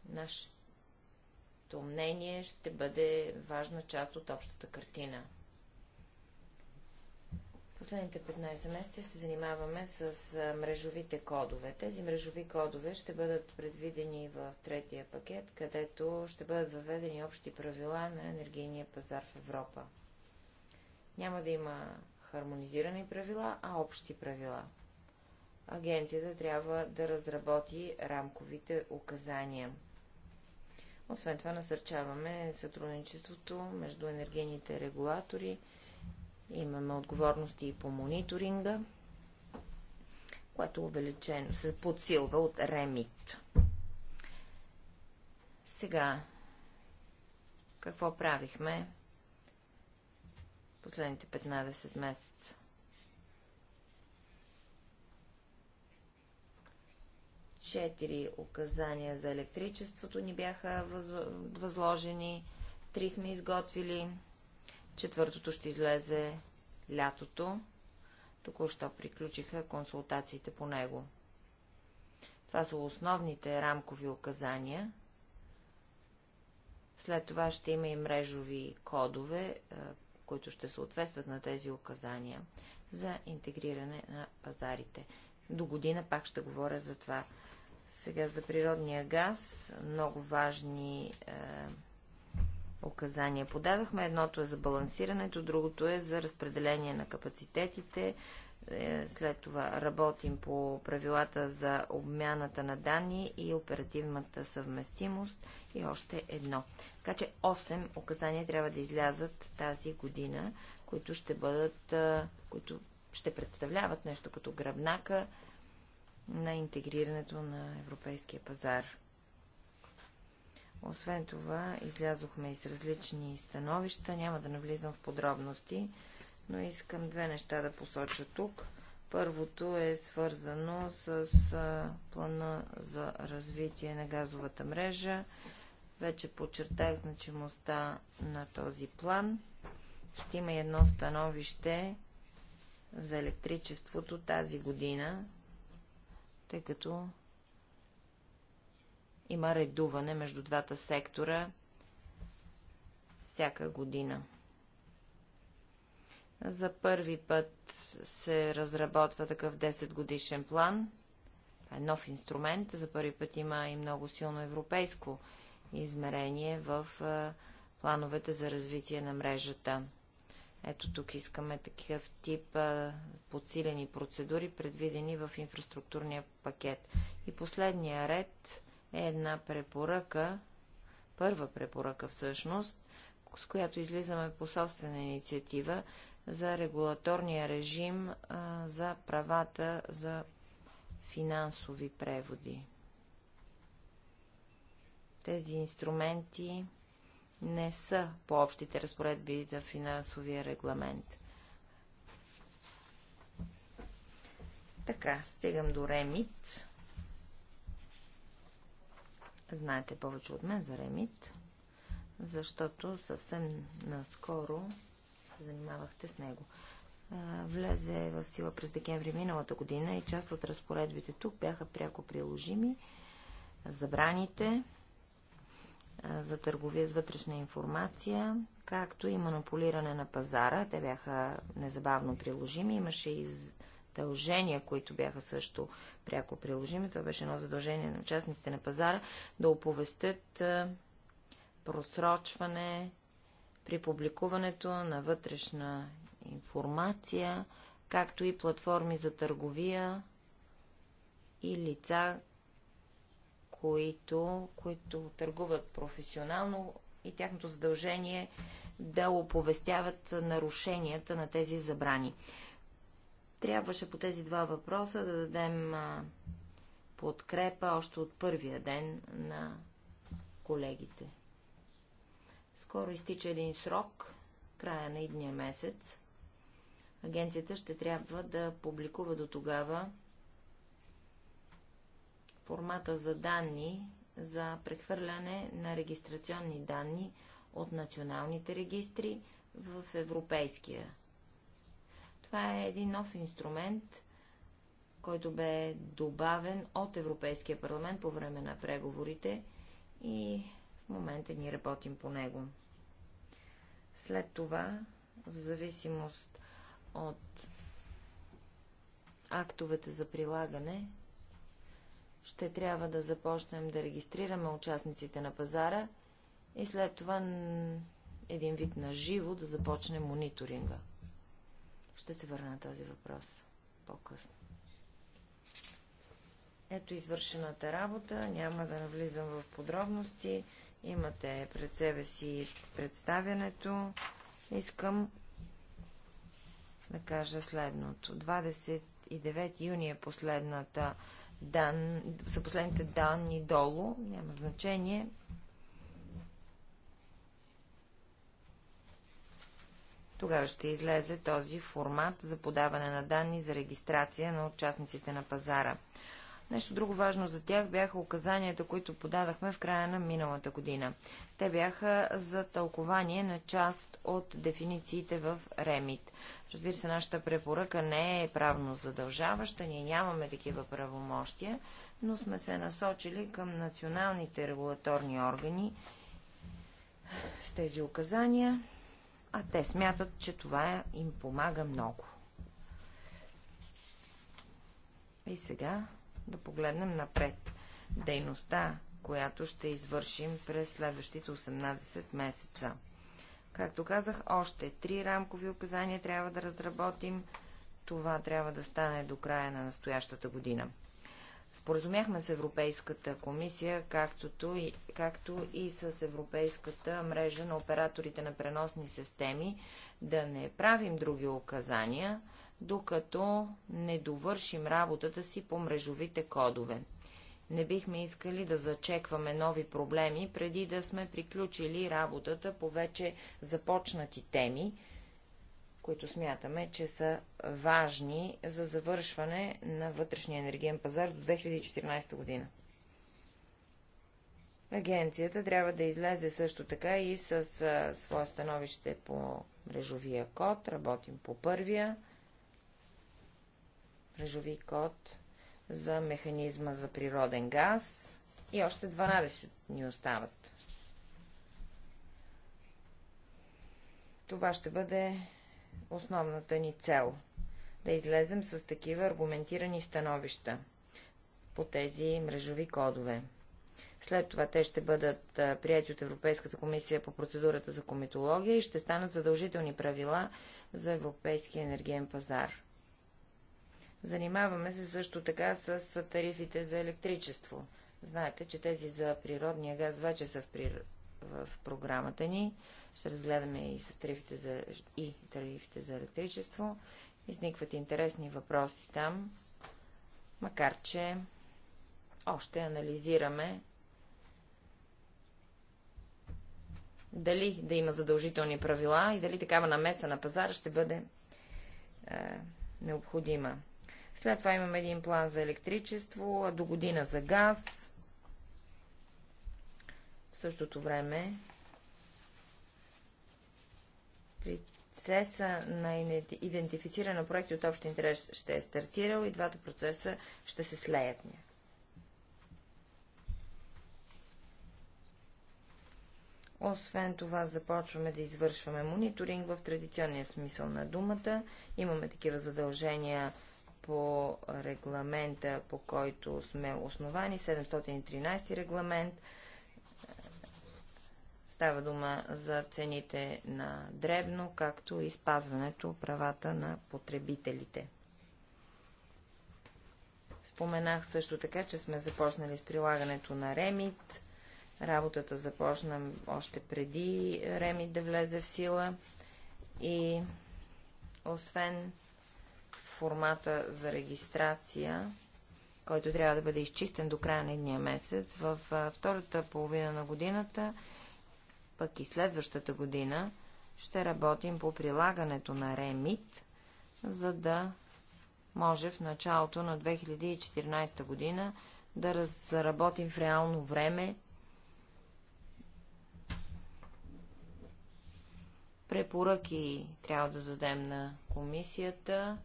Нашето мнение ще бъде важна част от общата картина. Последните 15 месеца се занимаваме с мрежовите кодове. Тези мрежови кодове ще бъдат предвидени в третия пакет, където ще бъдат въведени общи правила на енергийния пазар в Европа. Няма да има хармонизирани правила, а общи правила. Агенцията трябва да разработи рамковите указания. Освен това насърчаваме сътрудничеството между енергийните регулатори, Имаме отговорности и по мониторинга, което увеличено се подсилва от ремит. Сега, какво правихме последните 15 месеца? четири указания за електричеството ни бяха възложени, три сме изготвили, Четвъртото ще излезе лятото. Току-що приключиха консултациите по него. Това са основните рамкови указания. След това ще има и мрежови кодове, е, които ще съответстват на тези указания за интегриране на пазарите. До година пак ще говоря за това. Сега за природния газ. Много важни е, указания подадахме. Едното е за балансирането, другото е за разпределение на капацитетите. Е, след това работим по правилата за обмяната на данни и оперативната съвместимост и още едно. Така че 8 указания трябва да излязат тази година, които ще бъдат, е, които ще представляват нещо като гръбнака на интегрирането на европейския пазар. Освен това, излязохме и с различни становища. Няма да навлизам в подробности, но искам две неща да посоча тук. Първото е свързано с плана за развитие на газовата мрежа. Вече подчертах значимостта на този план. Ще има едно становище за електричеството тази година, тъй като има редуване между двата сектора всяка година. За първи път се разработва такъв 10 годишен план. Това е нов инструмент. За първи път има и много силно европейско измерение в плановете за развитие на мрежата. Ето тук искаме такъв тип а, подсилени процедури, предвидени в инфраструктурния пакет. И последния ред е една препоръка, първа препоръка всъщност, с която излизаме по собствена инициатива за регулаторния режим за правата за финансови преводи. Тези инструменти не са по общите разпоредби за финансовия регламент. Така, стигам до ремит. Знаете повече от мен за Ремит, защото съвсем наскоро се занимавахте с него. Влезе в сила през декември миналата година и част от разпоредбите тук бяха пряко приложими. Забраните за търговия с вътрешна информация, както и манипулиране на пазара. Те бяха незабавно приложими. Имаше и задължения, които бяха също пряко приложими. Това беше едно задължение на участниците на пазара да оповестят просрочване при публикуването на вътрешна информация, както и платформи за търговия и лица, които, които търгуват професионално и тяхното задължение да оповестяват нарушенията на тези забрани. Трябваше по тези два въпроса да дадем подкрепа още от първия ден на колегите. Скоро изтича един срок, края на идния месец. Агенцията ще трябва да публикува до тогава формата за данни за прехвърляне на регистрационни данни от националните регистри в европейския това е един нов инструмент, който бе добавен от Европейския парламент по време на преговорите и в момента ни работим по него. След това, в зависимост от актовете за прилагане, ще трябва да започнем да регистрираме участниците на пазара и след това един вид на живо да започне мониторинга. Ще се върна на този въпрос по-късно. Ето извършената работа, няма да навлизам в подробности. Имате пред себе си представянето. Искам да кажа следното. 29 юни е последната дан, са последните данни долу, няма значение. Тогава ще излезе този формат за подаване на данни за регистрация на участниците на пазара. Нещо друго важно за тях бяха указанията, които подадахме в края на миналата година. Те бяха за тълкование на част от дефинициите в Ремит. Разбира се, нашата препоръка не е правно задължаваща, ние нямаме такива правомощия, но сме се насочили към националните регулаторни органи с тези указания а те смятат, че това им помага много. И сега да погледнем напред. Дейността, която ще извършим през следващите 18 месеца. Както казах, още три рамкови указания трябва да разработим. Това трябва да стане до края на настоящата година. Споразумяхме с Европейската комисия, както и, както и с Европейската мрежа на операторите на преносни системи, да не правим други указания, докато не довършим работата си по мрежовите кодове. Не бихме искали да зачекваме нови проблеми, преди да сме приключили работата по вече започнати теми, които смятаме, че са важни за завършване на вътрешния енергиен пазар до 2014 година. Агенцията трябва да излезе също така и с свое становище по мрежовия код. Работим по първия мрежови код за механизма за природен газ и още 12 ни остават. Това ще бъде основната ни цел – да излезем с такива аргументирани становища по тези мрежови кодове. След това те ще бъдат прияти от Европейската комисия по процедурата за комитология и ще станат задължителни правила за европейския енергиен пазар. Занимаваме се също така с тарифите за електричество. Знаете, че тези за природния газ вече са в, при... в програмата ни. Ще разгледаме и с тарифите за, и тарифите за електричество. Изникват интересни въпроси там, макар че още анализираме дали да има задължителни правила и дали такава намеса на пазара ще бъде е, необходима. След това имаме един план за електричество, а до година за газ. В същото време Процеса на идентифициране на проекти от общ интерес ще е стартирал и двата процеса ще се слеят. Освен това започваме да извършваме мониторинг в традиционния смисъл на думата. Имаме такива задължения по регламента, по който сме основани, 713 регламент Става дума за цените на дребно, както и спазването правата на потребителите. Споменах също така, че сме започнали с прилагането на ремит. Работата започна още преди ремит да влезе в сила. И освен формата за регистрация, който трябва да бъде изчистен до края на едния месец, във втората половина на годината пък и следващата година ще работим по прилагането на ремит, за да може в началото на 2014 година да разработим в реално време препоръки трябва да дадем на комисията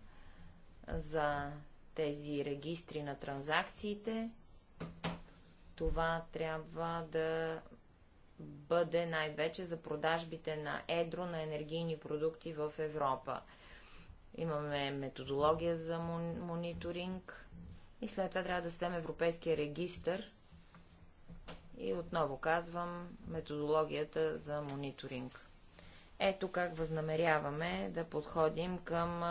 за тези регистри на транзакциите. Това трябва да бъде най-вече за продажбите на едро на енергийни продукти в Европа. Имаме методология за мониторинг и след това трябва да следем европейския регистр и отново казвам методологията за мониторинг. Ето как възнамеряваме да подходим към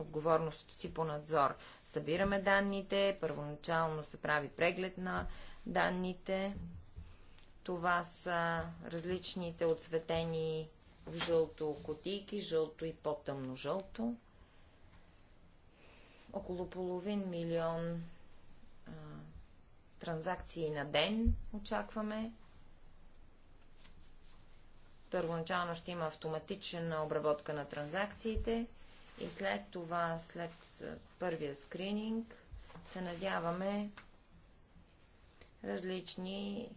отговорността си по надзор. Събираме данните, първоначално се прави преглед на данните, това са различните отцветени в жълто котики. жълто и по-тъмно жълто. Около половин милион а, транзакции на ден очакваме. Първоначално ще има автоматична обработка на транзакциите и след това, след първия скрининг, се надяваме различни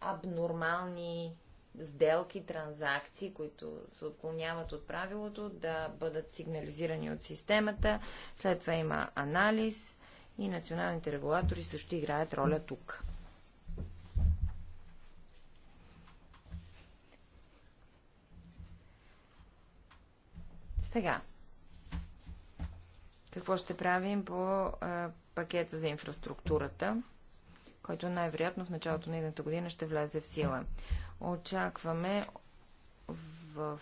абнормални сделки, транзакции, които се отклоняват от правилото, да бъдат сигнализирани от системата. След това има анализ и националните регулатори също играят роля тук. Сега, какво ще правим по а, пакета за инфраструктурата? който най-вероятно в началото на едната година ще влезе в сила. Очакваме в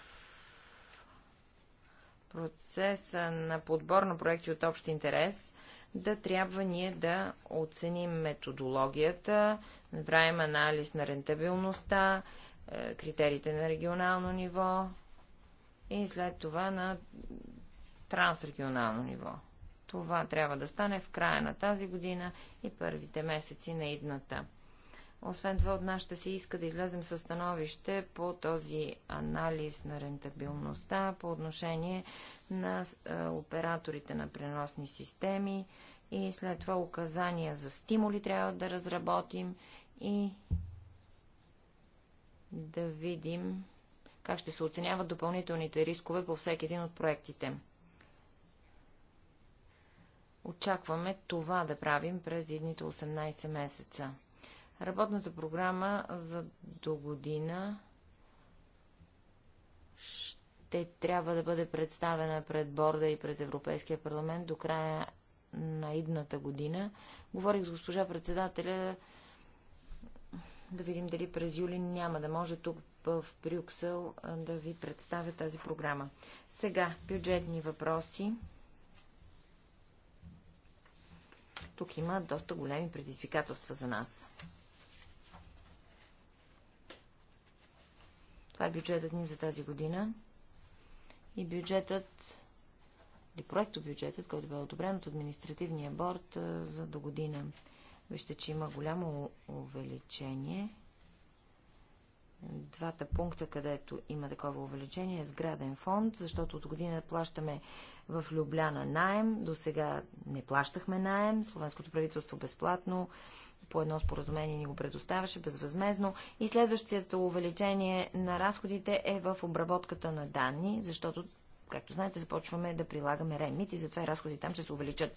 процеса на подбор на проекти от общ интерес да трябва ние да оценим методологията, направим анализ на рентабилността, е, критериите на регионално ниво и след това на трансрегионално ниво. Това трябва да стане в края на тази година и първите месеци на идната. Освен това, от нас ще се иска да излезем със становище по този анализ на рентабилността по отношение на е, операторите на преносни системи и след това указания за стимули трябва да разработим и да видим как ще се оценяват допълнителните рискове по всеки един от проектите. Очакваме това да правим през едните 18 месеца. Работната програма за до година ще трябва да бъде представена пред Борда и пред Европейския парламент до края на идната година. Говорих с госпожа председателя да видим дали през юли няма да може тук в Брюксел да ви представя тази програма. Сега бюджетни въпроси. Тук има доста големи предизвикателства за нас. Това е бюджетът ни за тази година. И бюджетът, или проектобюджетът, който бе одобрен от административния борт за до година. Вижте, че има голямо увеличение Двата пункта, където има такова увеличение е сграден фонд, защото от година плащаме в Любляна найем. До сега не плащахме найем. Словенското правителство безплатно по едно споразумение ни го предоставяше безвъзмезно. И следващото увеличение на разходите е в обработката на данни, защото, както знаете, започваме да прилагаме ремит и затова разходите там ще се увеличат.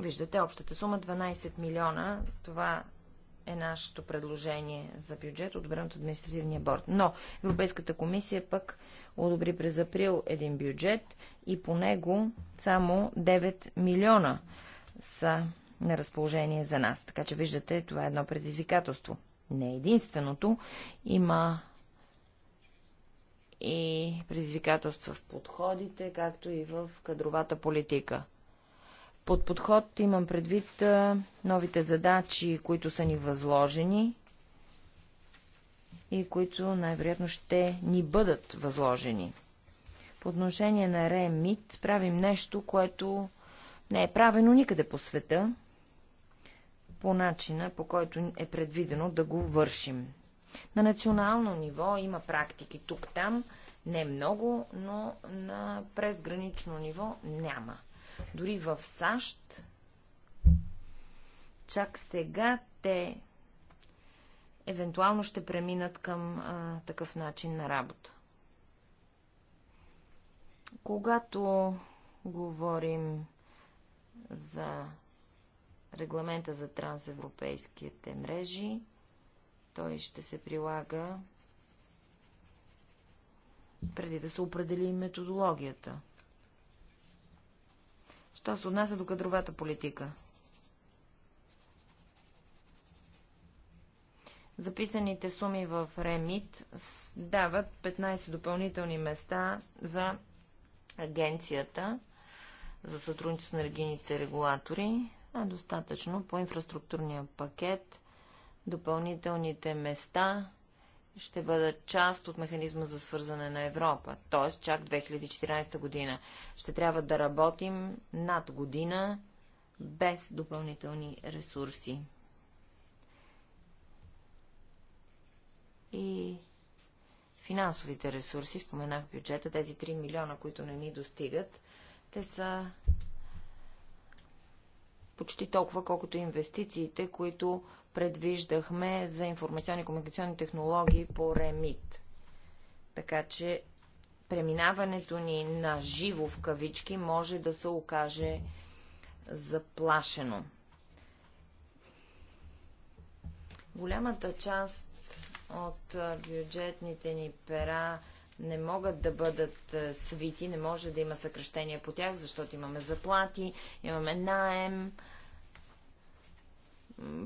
Виждате, общата сума 12 милиона. Това е нашето предложение за бюджет, одобрен от административния борт. Но Европейската комисия пък одобри през април един бюджет и по него само 9 милиона са на разположение за нас. Така че виждате, това е едно предизвикателство. Не единственото. Има и предизвикателства в подходите, както и в кадровата политика. Под подход имам предвид новите задачи, които са ни възложени и които най-вероятно ще ни бъдат възложени. По отношение на ремит правим нещо, което не е правено никъде по света, по начина, по който е предвидено да го вършим. На национално ниво има практики тук-там, не много, но на презгранично ниво няма. Дори в САЩ, чак сега те евентуално ще преминат към а, такъв начин на работа. Когато говорим за регламента за трансевропейските мрежи, той ще се прилага преди да се определи методологията – Що се отнася до кадровата политика? Записаните суми в Ремит дават 15 допълнителни места за агенцията за сътрудничество на енергийните регулатори, а достатъчно по инфраструктурния пакет, допълнителните места ще бъдат част от механизма за свързане на Европа, т.е. чак 2014 година. Ще трябва да работим над година без допълнителни ресурси. И финансовите ресурси, споменах бюджета, тези 3 милиона, които не ни достигат, те са почти толкова, колкото инвестициите, които предвиждахме за информационни и комуникационни технологии по ремит. Така че преминаването ни на живо в кавички може да се окаже заплашено. Голямата част от бюджетните ни пера не могат да бъдат свити, не може да има съкръщения по тях, защото имаме заплати, имаме наем,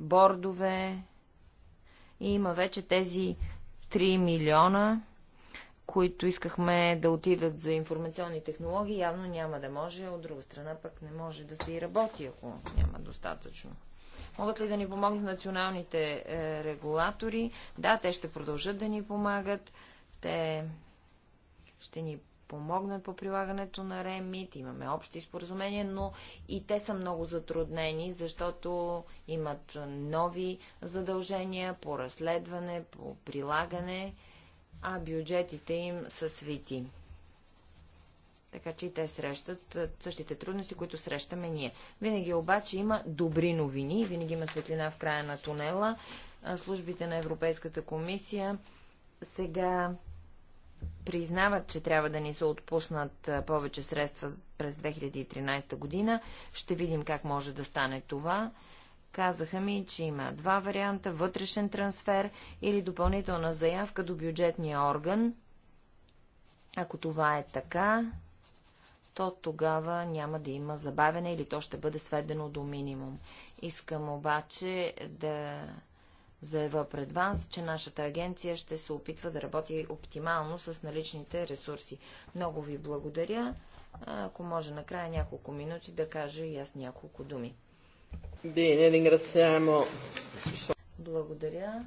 бордове. И има вече тези 3 милиона, които искахме да отидат за информационни технологии, явно няма да може, от друга страна пък не може да се и работи, ако няма достатъчно. Могат ли да ни помогнат националните е, регулатори? Да, те ще продължат да ни помагат. Те ще ни помогнат по прилагането на ремит, имаме общи споразумения, но и те са много затруднени, защото имат нови задължения по разследване, по прилагане, а бюджетите им са свити. Така че и те срещат същите трудности, които срещаме ние. Винаги обаче има добри новини, винаги има светлина в края на тунела. Службите на Европейската комисия сега признават, че трябва да ни се отпуснат повече средства през 2013 година. Ще видим как може да стане това. Казаха ми, че има два варианта – вътрешен трансфер или допълнителна заявка до бюджетния орган. Ако това е така, то тогава няма да има забавене или то ще бъде сведено до минимум. Искам обаче да заява пред вас, че нашата агенция ще се опитва да работи оптимално с наличните ресурси. Много ви благодаря. Ако може накрая няколко минути да кажа и аз няколко думи. Благодаря,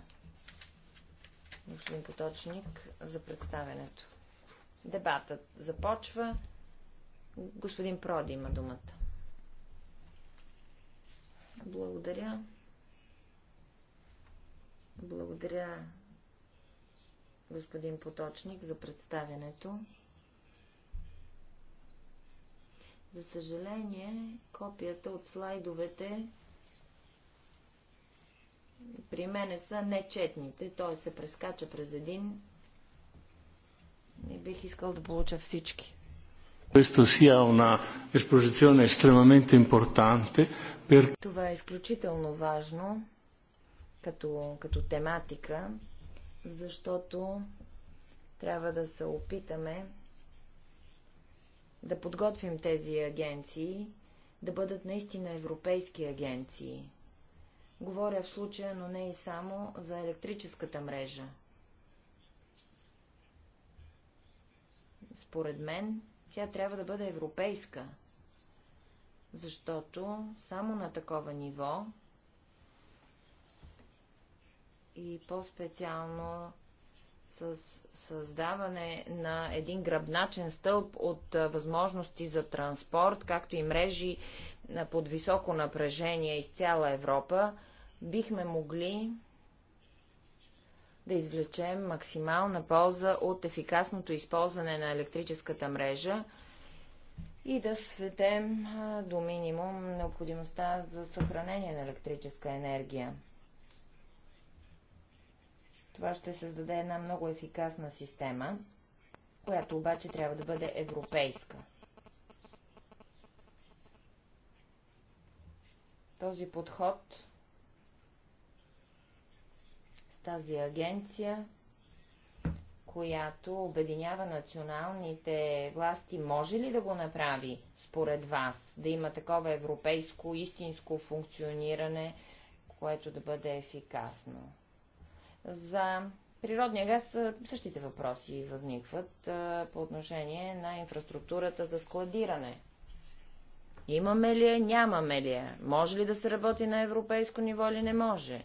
господин Поточник, за представенето. Дебатът започва. Господин Проди има думата. Благодаря. Благодаря, господин Поточник, за представянето. За съжаление, копията от слайдовете при мене са нечетните, т.е. се прескача през един. Не бих искал да получа всички. Това е изключително важно, като, като тематика, защото трябва да се опитаме да подготвим тези агенции, да бъдат наистина европейски агенции. Говоря в случая, но не и само за електрическата мрежа. Според мен, тя трябва да бъде европейска, защото само на такова ниво и по-специално с създаване на един гръбначен стълб от възможности за транспорт, както и мрежи под високо напрежение из цяла Европа, бихме могли да извлечем максимална полза от ефикасното използване на електрическата мрежа и да светем до минимум необходимостта за съхранение на електрическа енергия. Това ще създаде една много ефикасна система, която обаче трябва да бъде европейска. Този подход с тази агенция, която обединява националните власти, може ли да го направи според вас? Да има такова европейско, истинско функциониране, което да бъде ефикасно? За природния газ същите въпроси възникват по отношение на инфраструктурата за складиране. Имаме ли я, нямаме ли я? Може ли да се работи на европейско ниво или не може?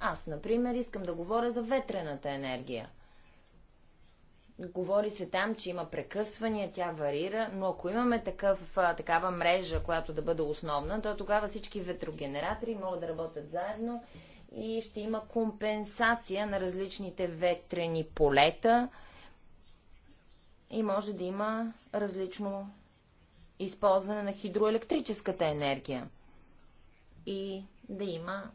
Аз, например, искам да говоря за ветрената енергия. Говори се там, че има прекъсвания, тя варира, но ако имаме такъв, такава мрежа, която да бъде основна, то тогава всички ветрогенератори могат да работят заедно и ще има компенсация на различните ветрени полета и може да има различно използване на хидроелектрическата енергия и да има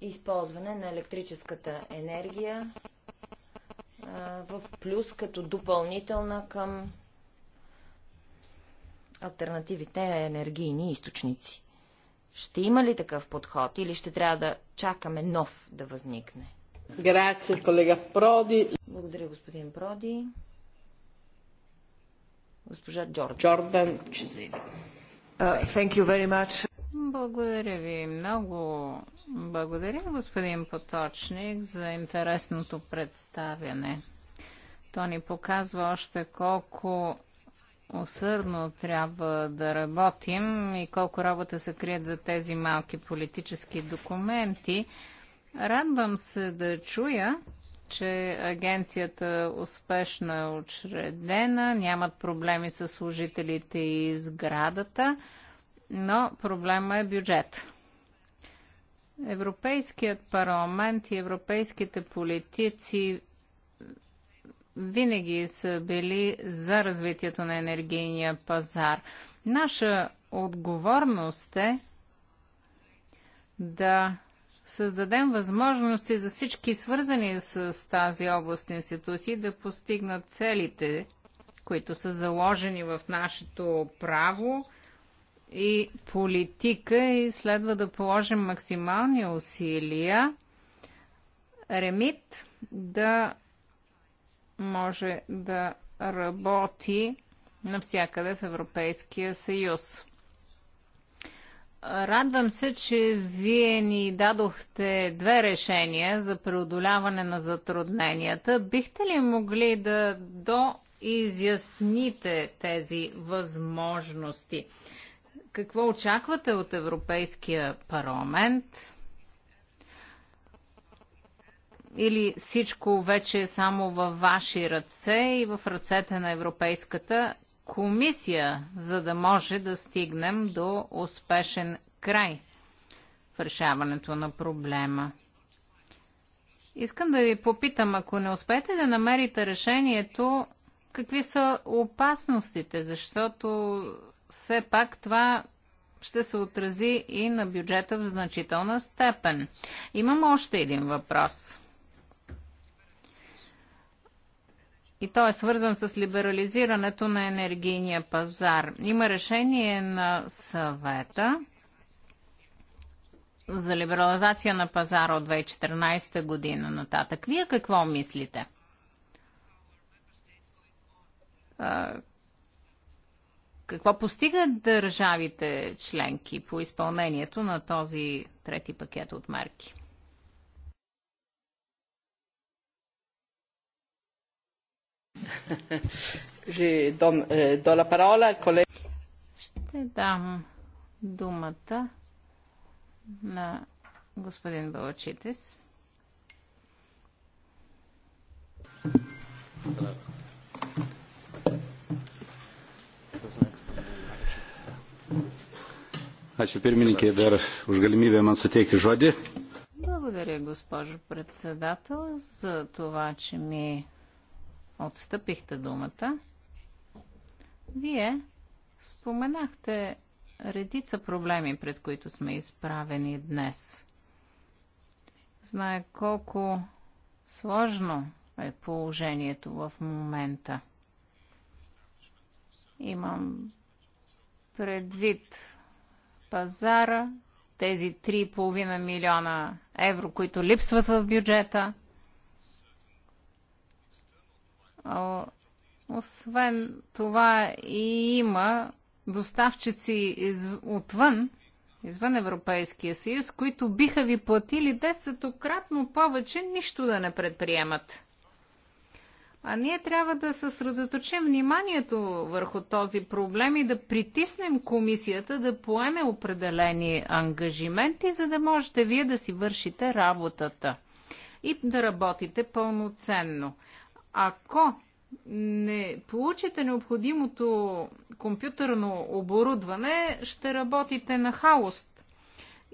използване на електрическата енергия в плюс като допълнителна към альтернативите енергийни източници. Ще има ли такъв подход или ще трябва да чакаме нов да възникне? Грация, колега Проди. Благодаря, господин Проди. Госпожа Джордан. Джордан Чизели. Uh, благодаря ви много. Благодаря, господин Поточник, за интересното представяне. То ни показва още колко усърдно трябва да работим и колко работа се крият за тези малки политически документи. Радвам се да чуя, че агенцията успешно е учредена, нямат проблеми с служителите и сградата но проблема е бюджет. Европейският парламент и европейските политици винаги са били за развитието на енергийния пазар. Наша отговорност е да създадем възможности за всички свързани с тази област институции да постигнат целите, които са заложени в нашето право и политика и следва да положим максимални усилия Ремит да може да работи навсякъде в Европейския съюз. Радвам се, че вие ни дадохте две решения за преодоляване на затрудненията. Бихте ли могли да доизясните тези възможности? какво очаквате от Европейския парламент? Или всичко вече е само във ваши ръце и в ръцете на Европейската комисия, за да може да стигнем до успешен край в решаването на проблема? Искам да ви попитам, ако не успеете да намерите решението, какви са опасностите, защото все пак това ще се отрази и на бюджета в значителна степен. Имам още един въпрос. И то е свързан с либерализирането на енергийния пазар. Има решение на съвета за либерализация на пазара от 2014 година нататък. Вие какво мислите? какво постигат държавите членки по изпълнението на този трети пакет от марки? Е, Ще дам думата на господин Балачитис. Hello. Ačiū pirmininkė dar už galimybę man suteikti žodį. Благодаря, госпожо председател, за това, че ми отстъпихте думата. Вие споменахте редица проблеми, пред които сме изправени днес. Знае колко сложно е положението в момента. Имам предвид пазара, тези 3,5 милиона евро, които липсват в бюджета. Освен това и има доставчици из, отвън, извън Европейския съюз, които биха ви платили 10-кратно повече, нищо да не предприемат. А ние трябва да съсредоточим вниманието върху този проблем и да притиснем комисията да поеме определени ангажименти, за да можете вие да си вършите работата и да работите пълноценно. Ако не получите необходимото компютърно оборудване, ще работите на хаост.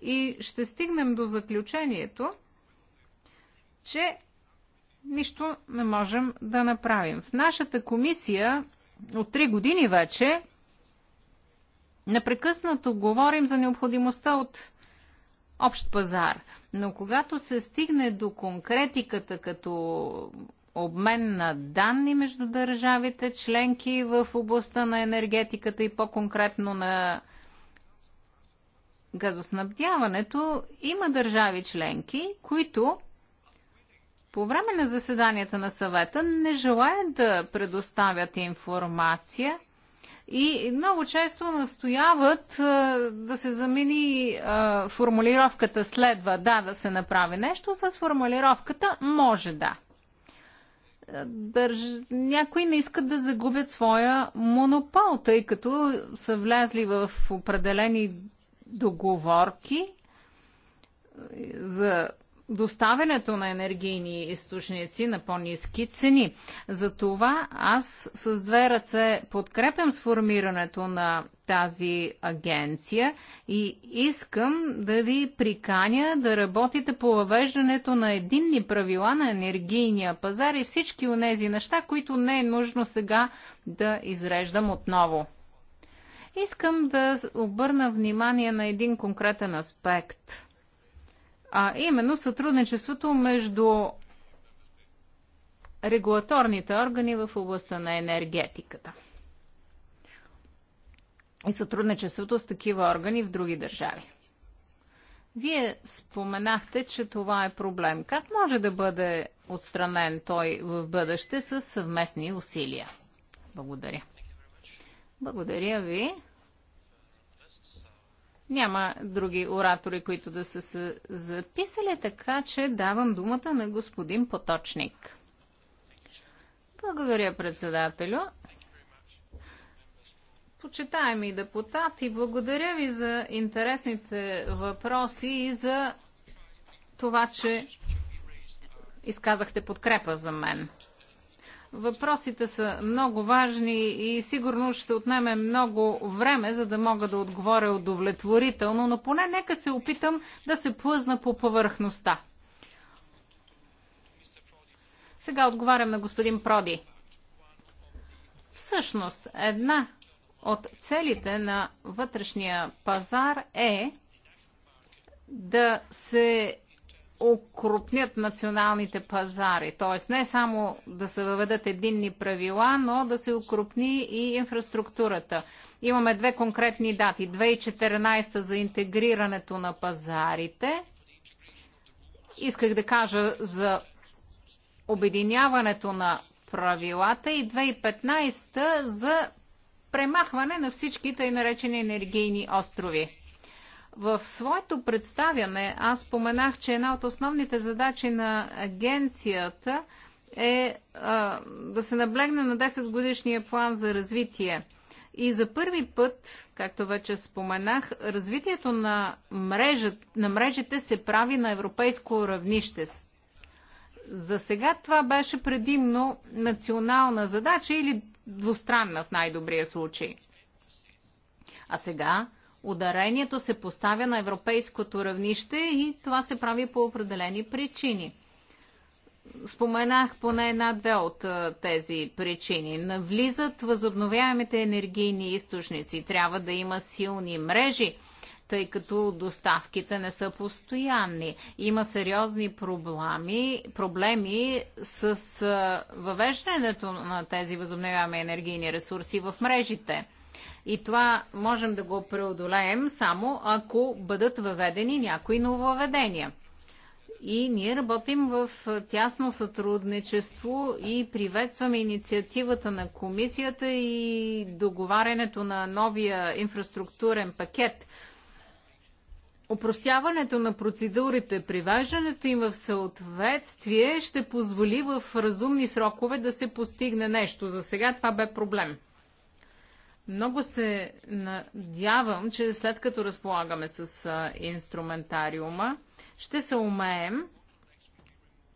И ще стигнем до заключението, че нищо не можем да направим. В нашата комисия от 3 години вече непрекъснато говорим за необходимостта от общ пазар. Но когато се стигне до конкретиката като обмен на данни между държавите, членки в областта на енергетиката и по-конкретно на газоснабдяването, има държави членки, които по време на заседанията на съвета не желаят да предоставят информация и много често настояват да се замени формулировката следва да да се направи нещо с формулировката може да. Държ... Някои не искат да загубят своя монопол, тъй като са влязли в определени договорки за доставянето на енергийни източници на по-низки цени. Затова аз с две ръце подкрепям сформирането на тази агенция и искам да ви приканя да работите по въвеждането на единни правила на енергийния пазар и всички тези неща, които не е нужно сега да изреждам отново. Искам да обърна внимание на един конкретен аспект – а именно сътрудничеството между регулаторните органи в областта на енергетиката и сътрудничеството с такива органи в други държави. Вие споменахте, че това е проблем. Как може да бъде отстранен той в бъдеще с съвместни усилия? Благодаря. Благодаря ви. Няма други оратори, които да са се записали, така че давам думата на господин Поточник. Благодаря, председателю. Почитаеми депутати, благодаря ви за интересните въпроси и за това, че изказахте подкрепа за мен. Въпросите са много важни и сигурно ще отнеме много време, за да мога да отговоря удовлетворително, но поне нека се опитам да се плъзна по повърхността. Сега отговарям на господин Проди. Всъщност, една от целите на вътрешния пазар е да се укрупнят националните пазари. Т.е. не само да се въведат единни правила, но да се укрупни и инфраструктурата. Имаме две конкретни дати. 2014 за интегрирането на пазарите. Исках да кажа за обединяването на правилата и 2015 за премахване на всички тъй наречени енергийни острови. В своето представяне аз споменах, че една от основните задачи на агенцията е а, да се наблегне на 10 годишния план за развитие. И за първи път, както вече споменах, развитието на, мрежът, на мрежите се прави на европейско равнище. За сега това беше предимно национална задача или двустранна в най-добрия случай. А сега ударението се поставя на европейското равнище и това се прави по определени причини. Споменах поне една-две от тези причини. Навлизат възобновяемите енергийни източници. Трябва да има силни мрежи тъй като доставките не са постоянни. Има сериозни проблеми, проблеми с въвеждането на тези възобновяеми енергийни ресурси в мрежите. И това можем да го преодолеем само ако бъдат въведени някои нововведения. И ние работим в тясно сътрудничество и приветстваме инициативата на комисията и договарянето на новия инфраструктурен пакет. Опростяването на процедурите, привеждането им в съответствие ще позволи в разумни срокове да се постигне нещо. За сега това бе проблем. Много се надявам, че след като разполагаме с инструментариума, ще се умеем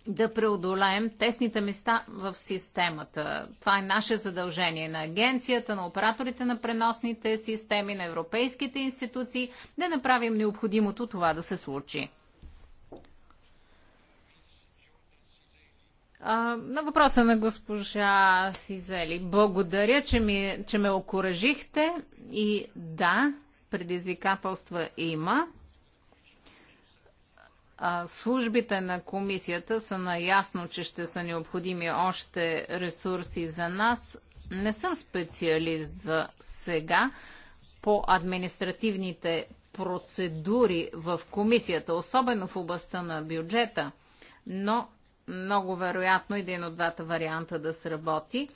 да преодолеем тесните места в системата. Това е наше задължение на агенцията, на операторите на преносните системи, на европейските институции, да направим необходимото това да се случи. А, на въпроса на госпожа Сизели. Благодаря, че, ми, че ме окоръжихте. И да, предизвикателства има. А, службите на комисията са наясно, че ще са необходими още ресурси за нас. Не съм специалист за сега по административните процедури в комисията, особено в областта на бюджета, но много вероятно един от двата варианта да сработи.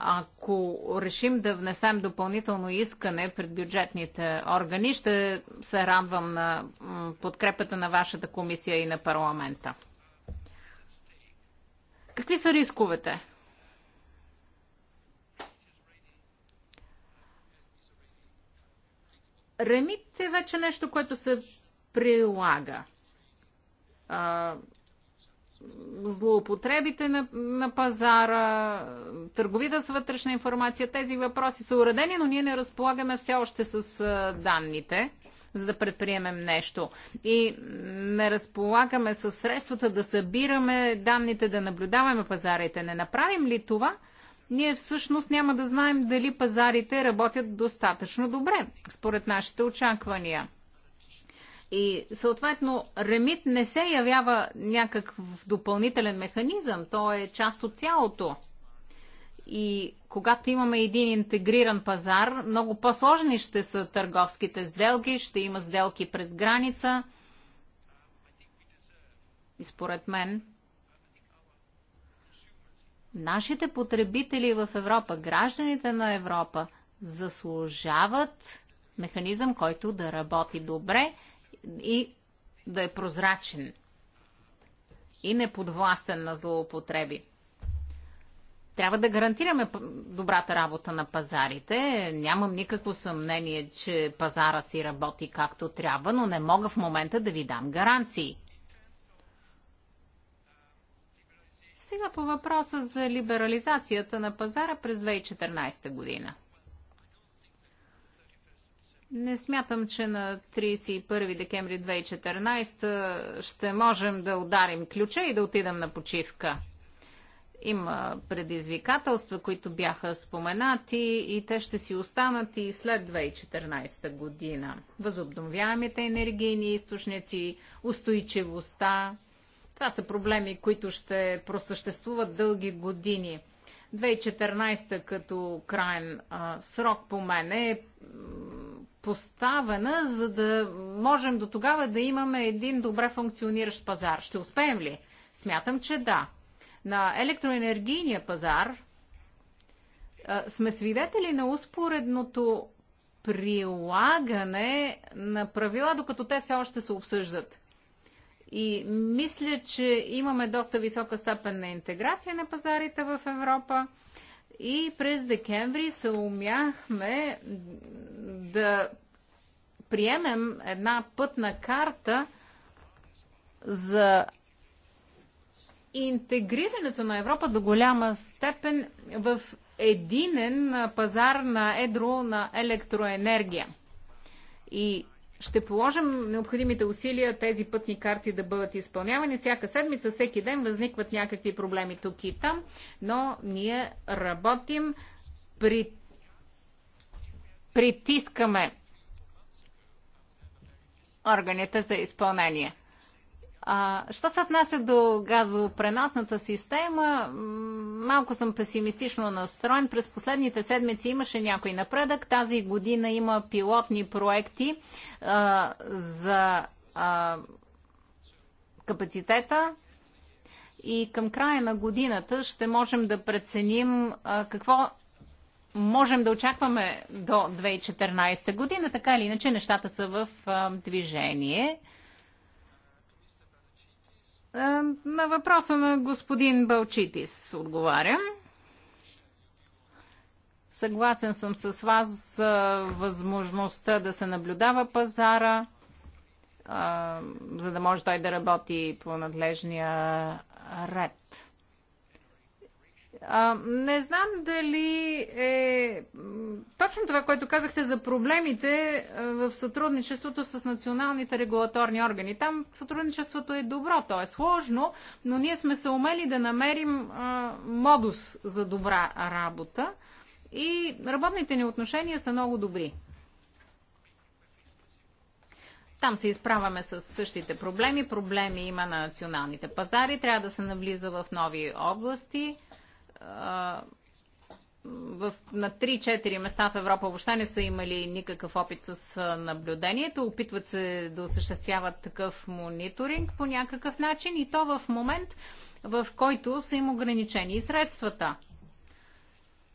Ако решим да внесем допълнително искане пред бюджетните органи, ще се радвам на подкрепата на вашата комисия и на парламента. Какви са рисковете? Ремит е вече нещо, което се прилага злоупотребите на, на пазара, търговията с вътрешна информация. Тези въпроси са уредени, но ние не разполагаме все още с данните, за да предприемем нещо. И не разполагаме с средствата да събираме данните, да наблюдаваме пазарите. Не направим ли това? ние всъщност няма да знаем дали пазарите работят достатъчно добре, според нашите очаквания. И съответно, ремит не се явява някакъв допълнителен механизъм, то е част от цялото. И когато имаме един интегриран пазар, много по-сложни ще са търговските сделки, ще има сделки през граница. И според мен, нашите потребители в Европа, гражданите на Европа, заслужават механизъм, който да работи добре и да е прозрачен и неподвластен на злоупотреби. Трябва да гарантираме добрата работа на пазарите. Нямам никакво съмнение, че пазара си работи както трябва, но не мога в момента да ви дам гаранции. Сега по въпроса за либерализацията на пазара през 2014 година. Не смятам, че на 31 декември 2014 ще можем да ударим ключа и да отидем на почивка. Има предизвикателства, които бяха споменати и те ще си останат и след 2014 година. Възобновяемите енергийни източници, устойчивостта. Това са проблеми, които ще просъществуват дълги години. 2014 като крайен а, срок по мен е поставена, за да можем до тогава да имаме един добре функциониращ пазар. Ще успеем ли? Смятам, че да. На електроенергийния пазар сме свидетели на успоредното прилагане на правила, докато те все още се обсъждат. И мисля, че имаме доста висока степен на интеграция на пазарите в Европа. И през декември се умяхме да приемем една пътна карта за интегрирането на Европа до голяма степен в единен пазар на едро на електроенергия. И ще положим необходимите усилия тези пътни карти да бъдат изпълнявани. Всяка седмица, всеки ден възникват някакви проблеми тук и там, но ние работим, при... притискаме органите за изпълнение. А, що се отнася до газопреносната система, малко съм песимистично настроен. През последните седмици имаше някой напредък. Тази година има пилотни проекти а, за а, капацитета и към края на годината ще можем да преценим а, какво можем да очакваме до 2014 година. Така или иначе нещата са в а, движение. Е, на въпроса на господин Балчитис отговарям. Съгласен съм с вас за възможността да се наблюдава пазара, е, за да може той да работи по надлежния ред. А, не знам дали е точно това, което казахте за проблемите е, в сътрудничеството с националните регулаторни органи. Там сътрудничеството е добро, то е сложно, но ние сме се умели да намерим а, модус за добра работа и работните ни отношения са много добри. Там се изправяме с същите проблеми. Проблеми има на националните пазари. Трябва да се навлиза в нови области в, на 3-4 места в Европа въобще не са имали никакъв опит с наблюдението. Опитват се да осъществяват такъв мониторинг по някакъв начин и то в момент, в който са им ограничени и средствата.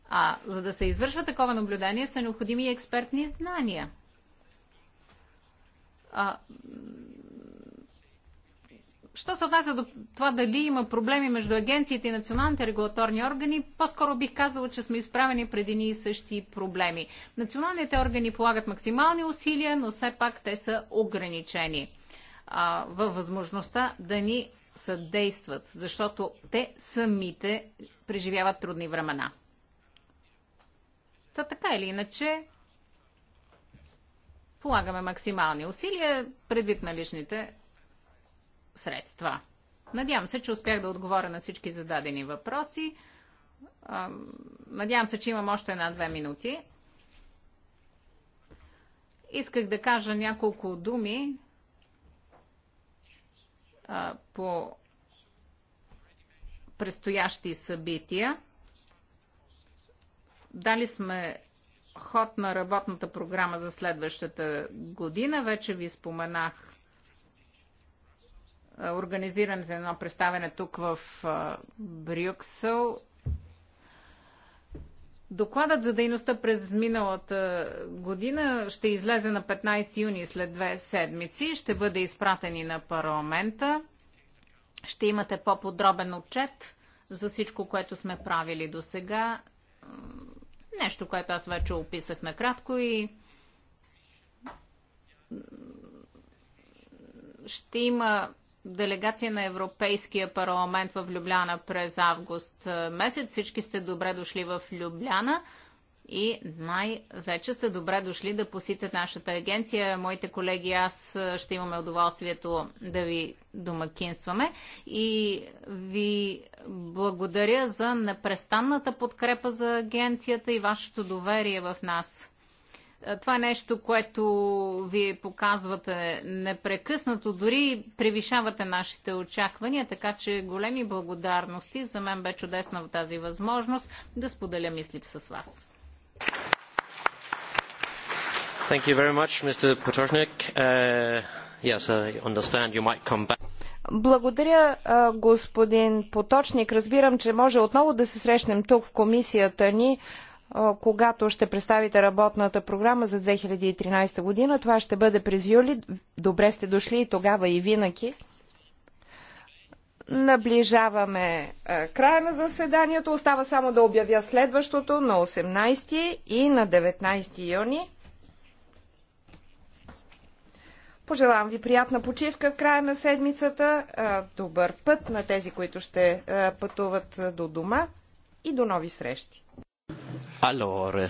А за да се извършва такова наблюдение са необходими и експертни знания. А, Що се отнася до това дали има проблеми между агенциите и националните регулаторни органи, по-скоро бих казала, че сме изправени преди ни и същи проблеми. Националните органи полагат максимални усилия, но все пак те са ограничени а, във възможността да ни съдействат, защото те самите преживяват трудни времена. Та така или иначе, полагаме максимални усилия предвид на личните средства. Надявам се, че успях да отговоря на всички зададени въпроси. Надявам се, че имам още една-две минути. Исках да кажа няколко думи по предстоящи събития. Дали сме ход на работната програма за следващата година. Вече ви споменах организирането на едно представене тук в Брюксел. Докладът за дейността през миналата година ще излезе на 15 юни след две седмици. Ще бъде изпратени на парламента. Ще имате по-подробен отчет за всичко, което сме правили до сега. Нещо, което аз вече описах накратко и ще има делегация на Европейския парламент в Любляна през август е, месец. Всички сте добре дошли в Любляна и най-вече сте добре дошли да посетите нашата агенция. Моите колеги и аз е, ще имаме удоволствието да ви домакинстваме и ви благодаря за непрестанната подкрепа за агенцията и вашето доверие в нас. Това е нещо, което вие показвате непрекъснато, дори превишавате нашите очаквания, така че големи благодарности. За мен бе чудесна в тази възможност да споделя мисли с вас. Thank you very much, Mr. Potoshnik. Uh, yes, I understand you might come back. Благодаря, господин Поточник. Разбирам, че може отново да се срещнем тук в комисията ни когато ще представите работната програма за 2013 година. Това ще бъде през юли. Добре сте дошли и тогава и винаги. Наближаваме е, края на заседанието. Остава само да обявя следващото на 18 и на 19 юни. Пожелавам ви приятна почивка в края на седмицата. Е, добър път на тези, които ще е, пътуват до дома и до нови срещи. Allora.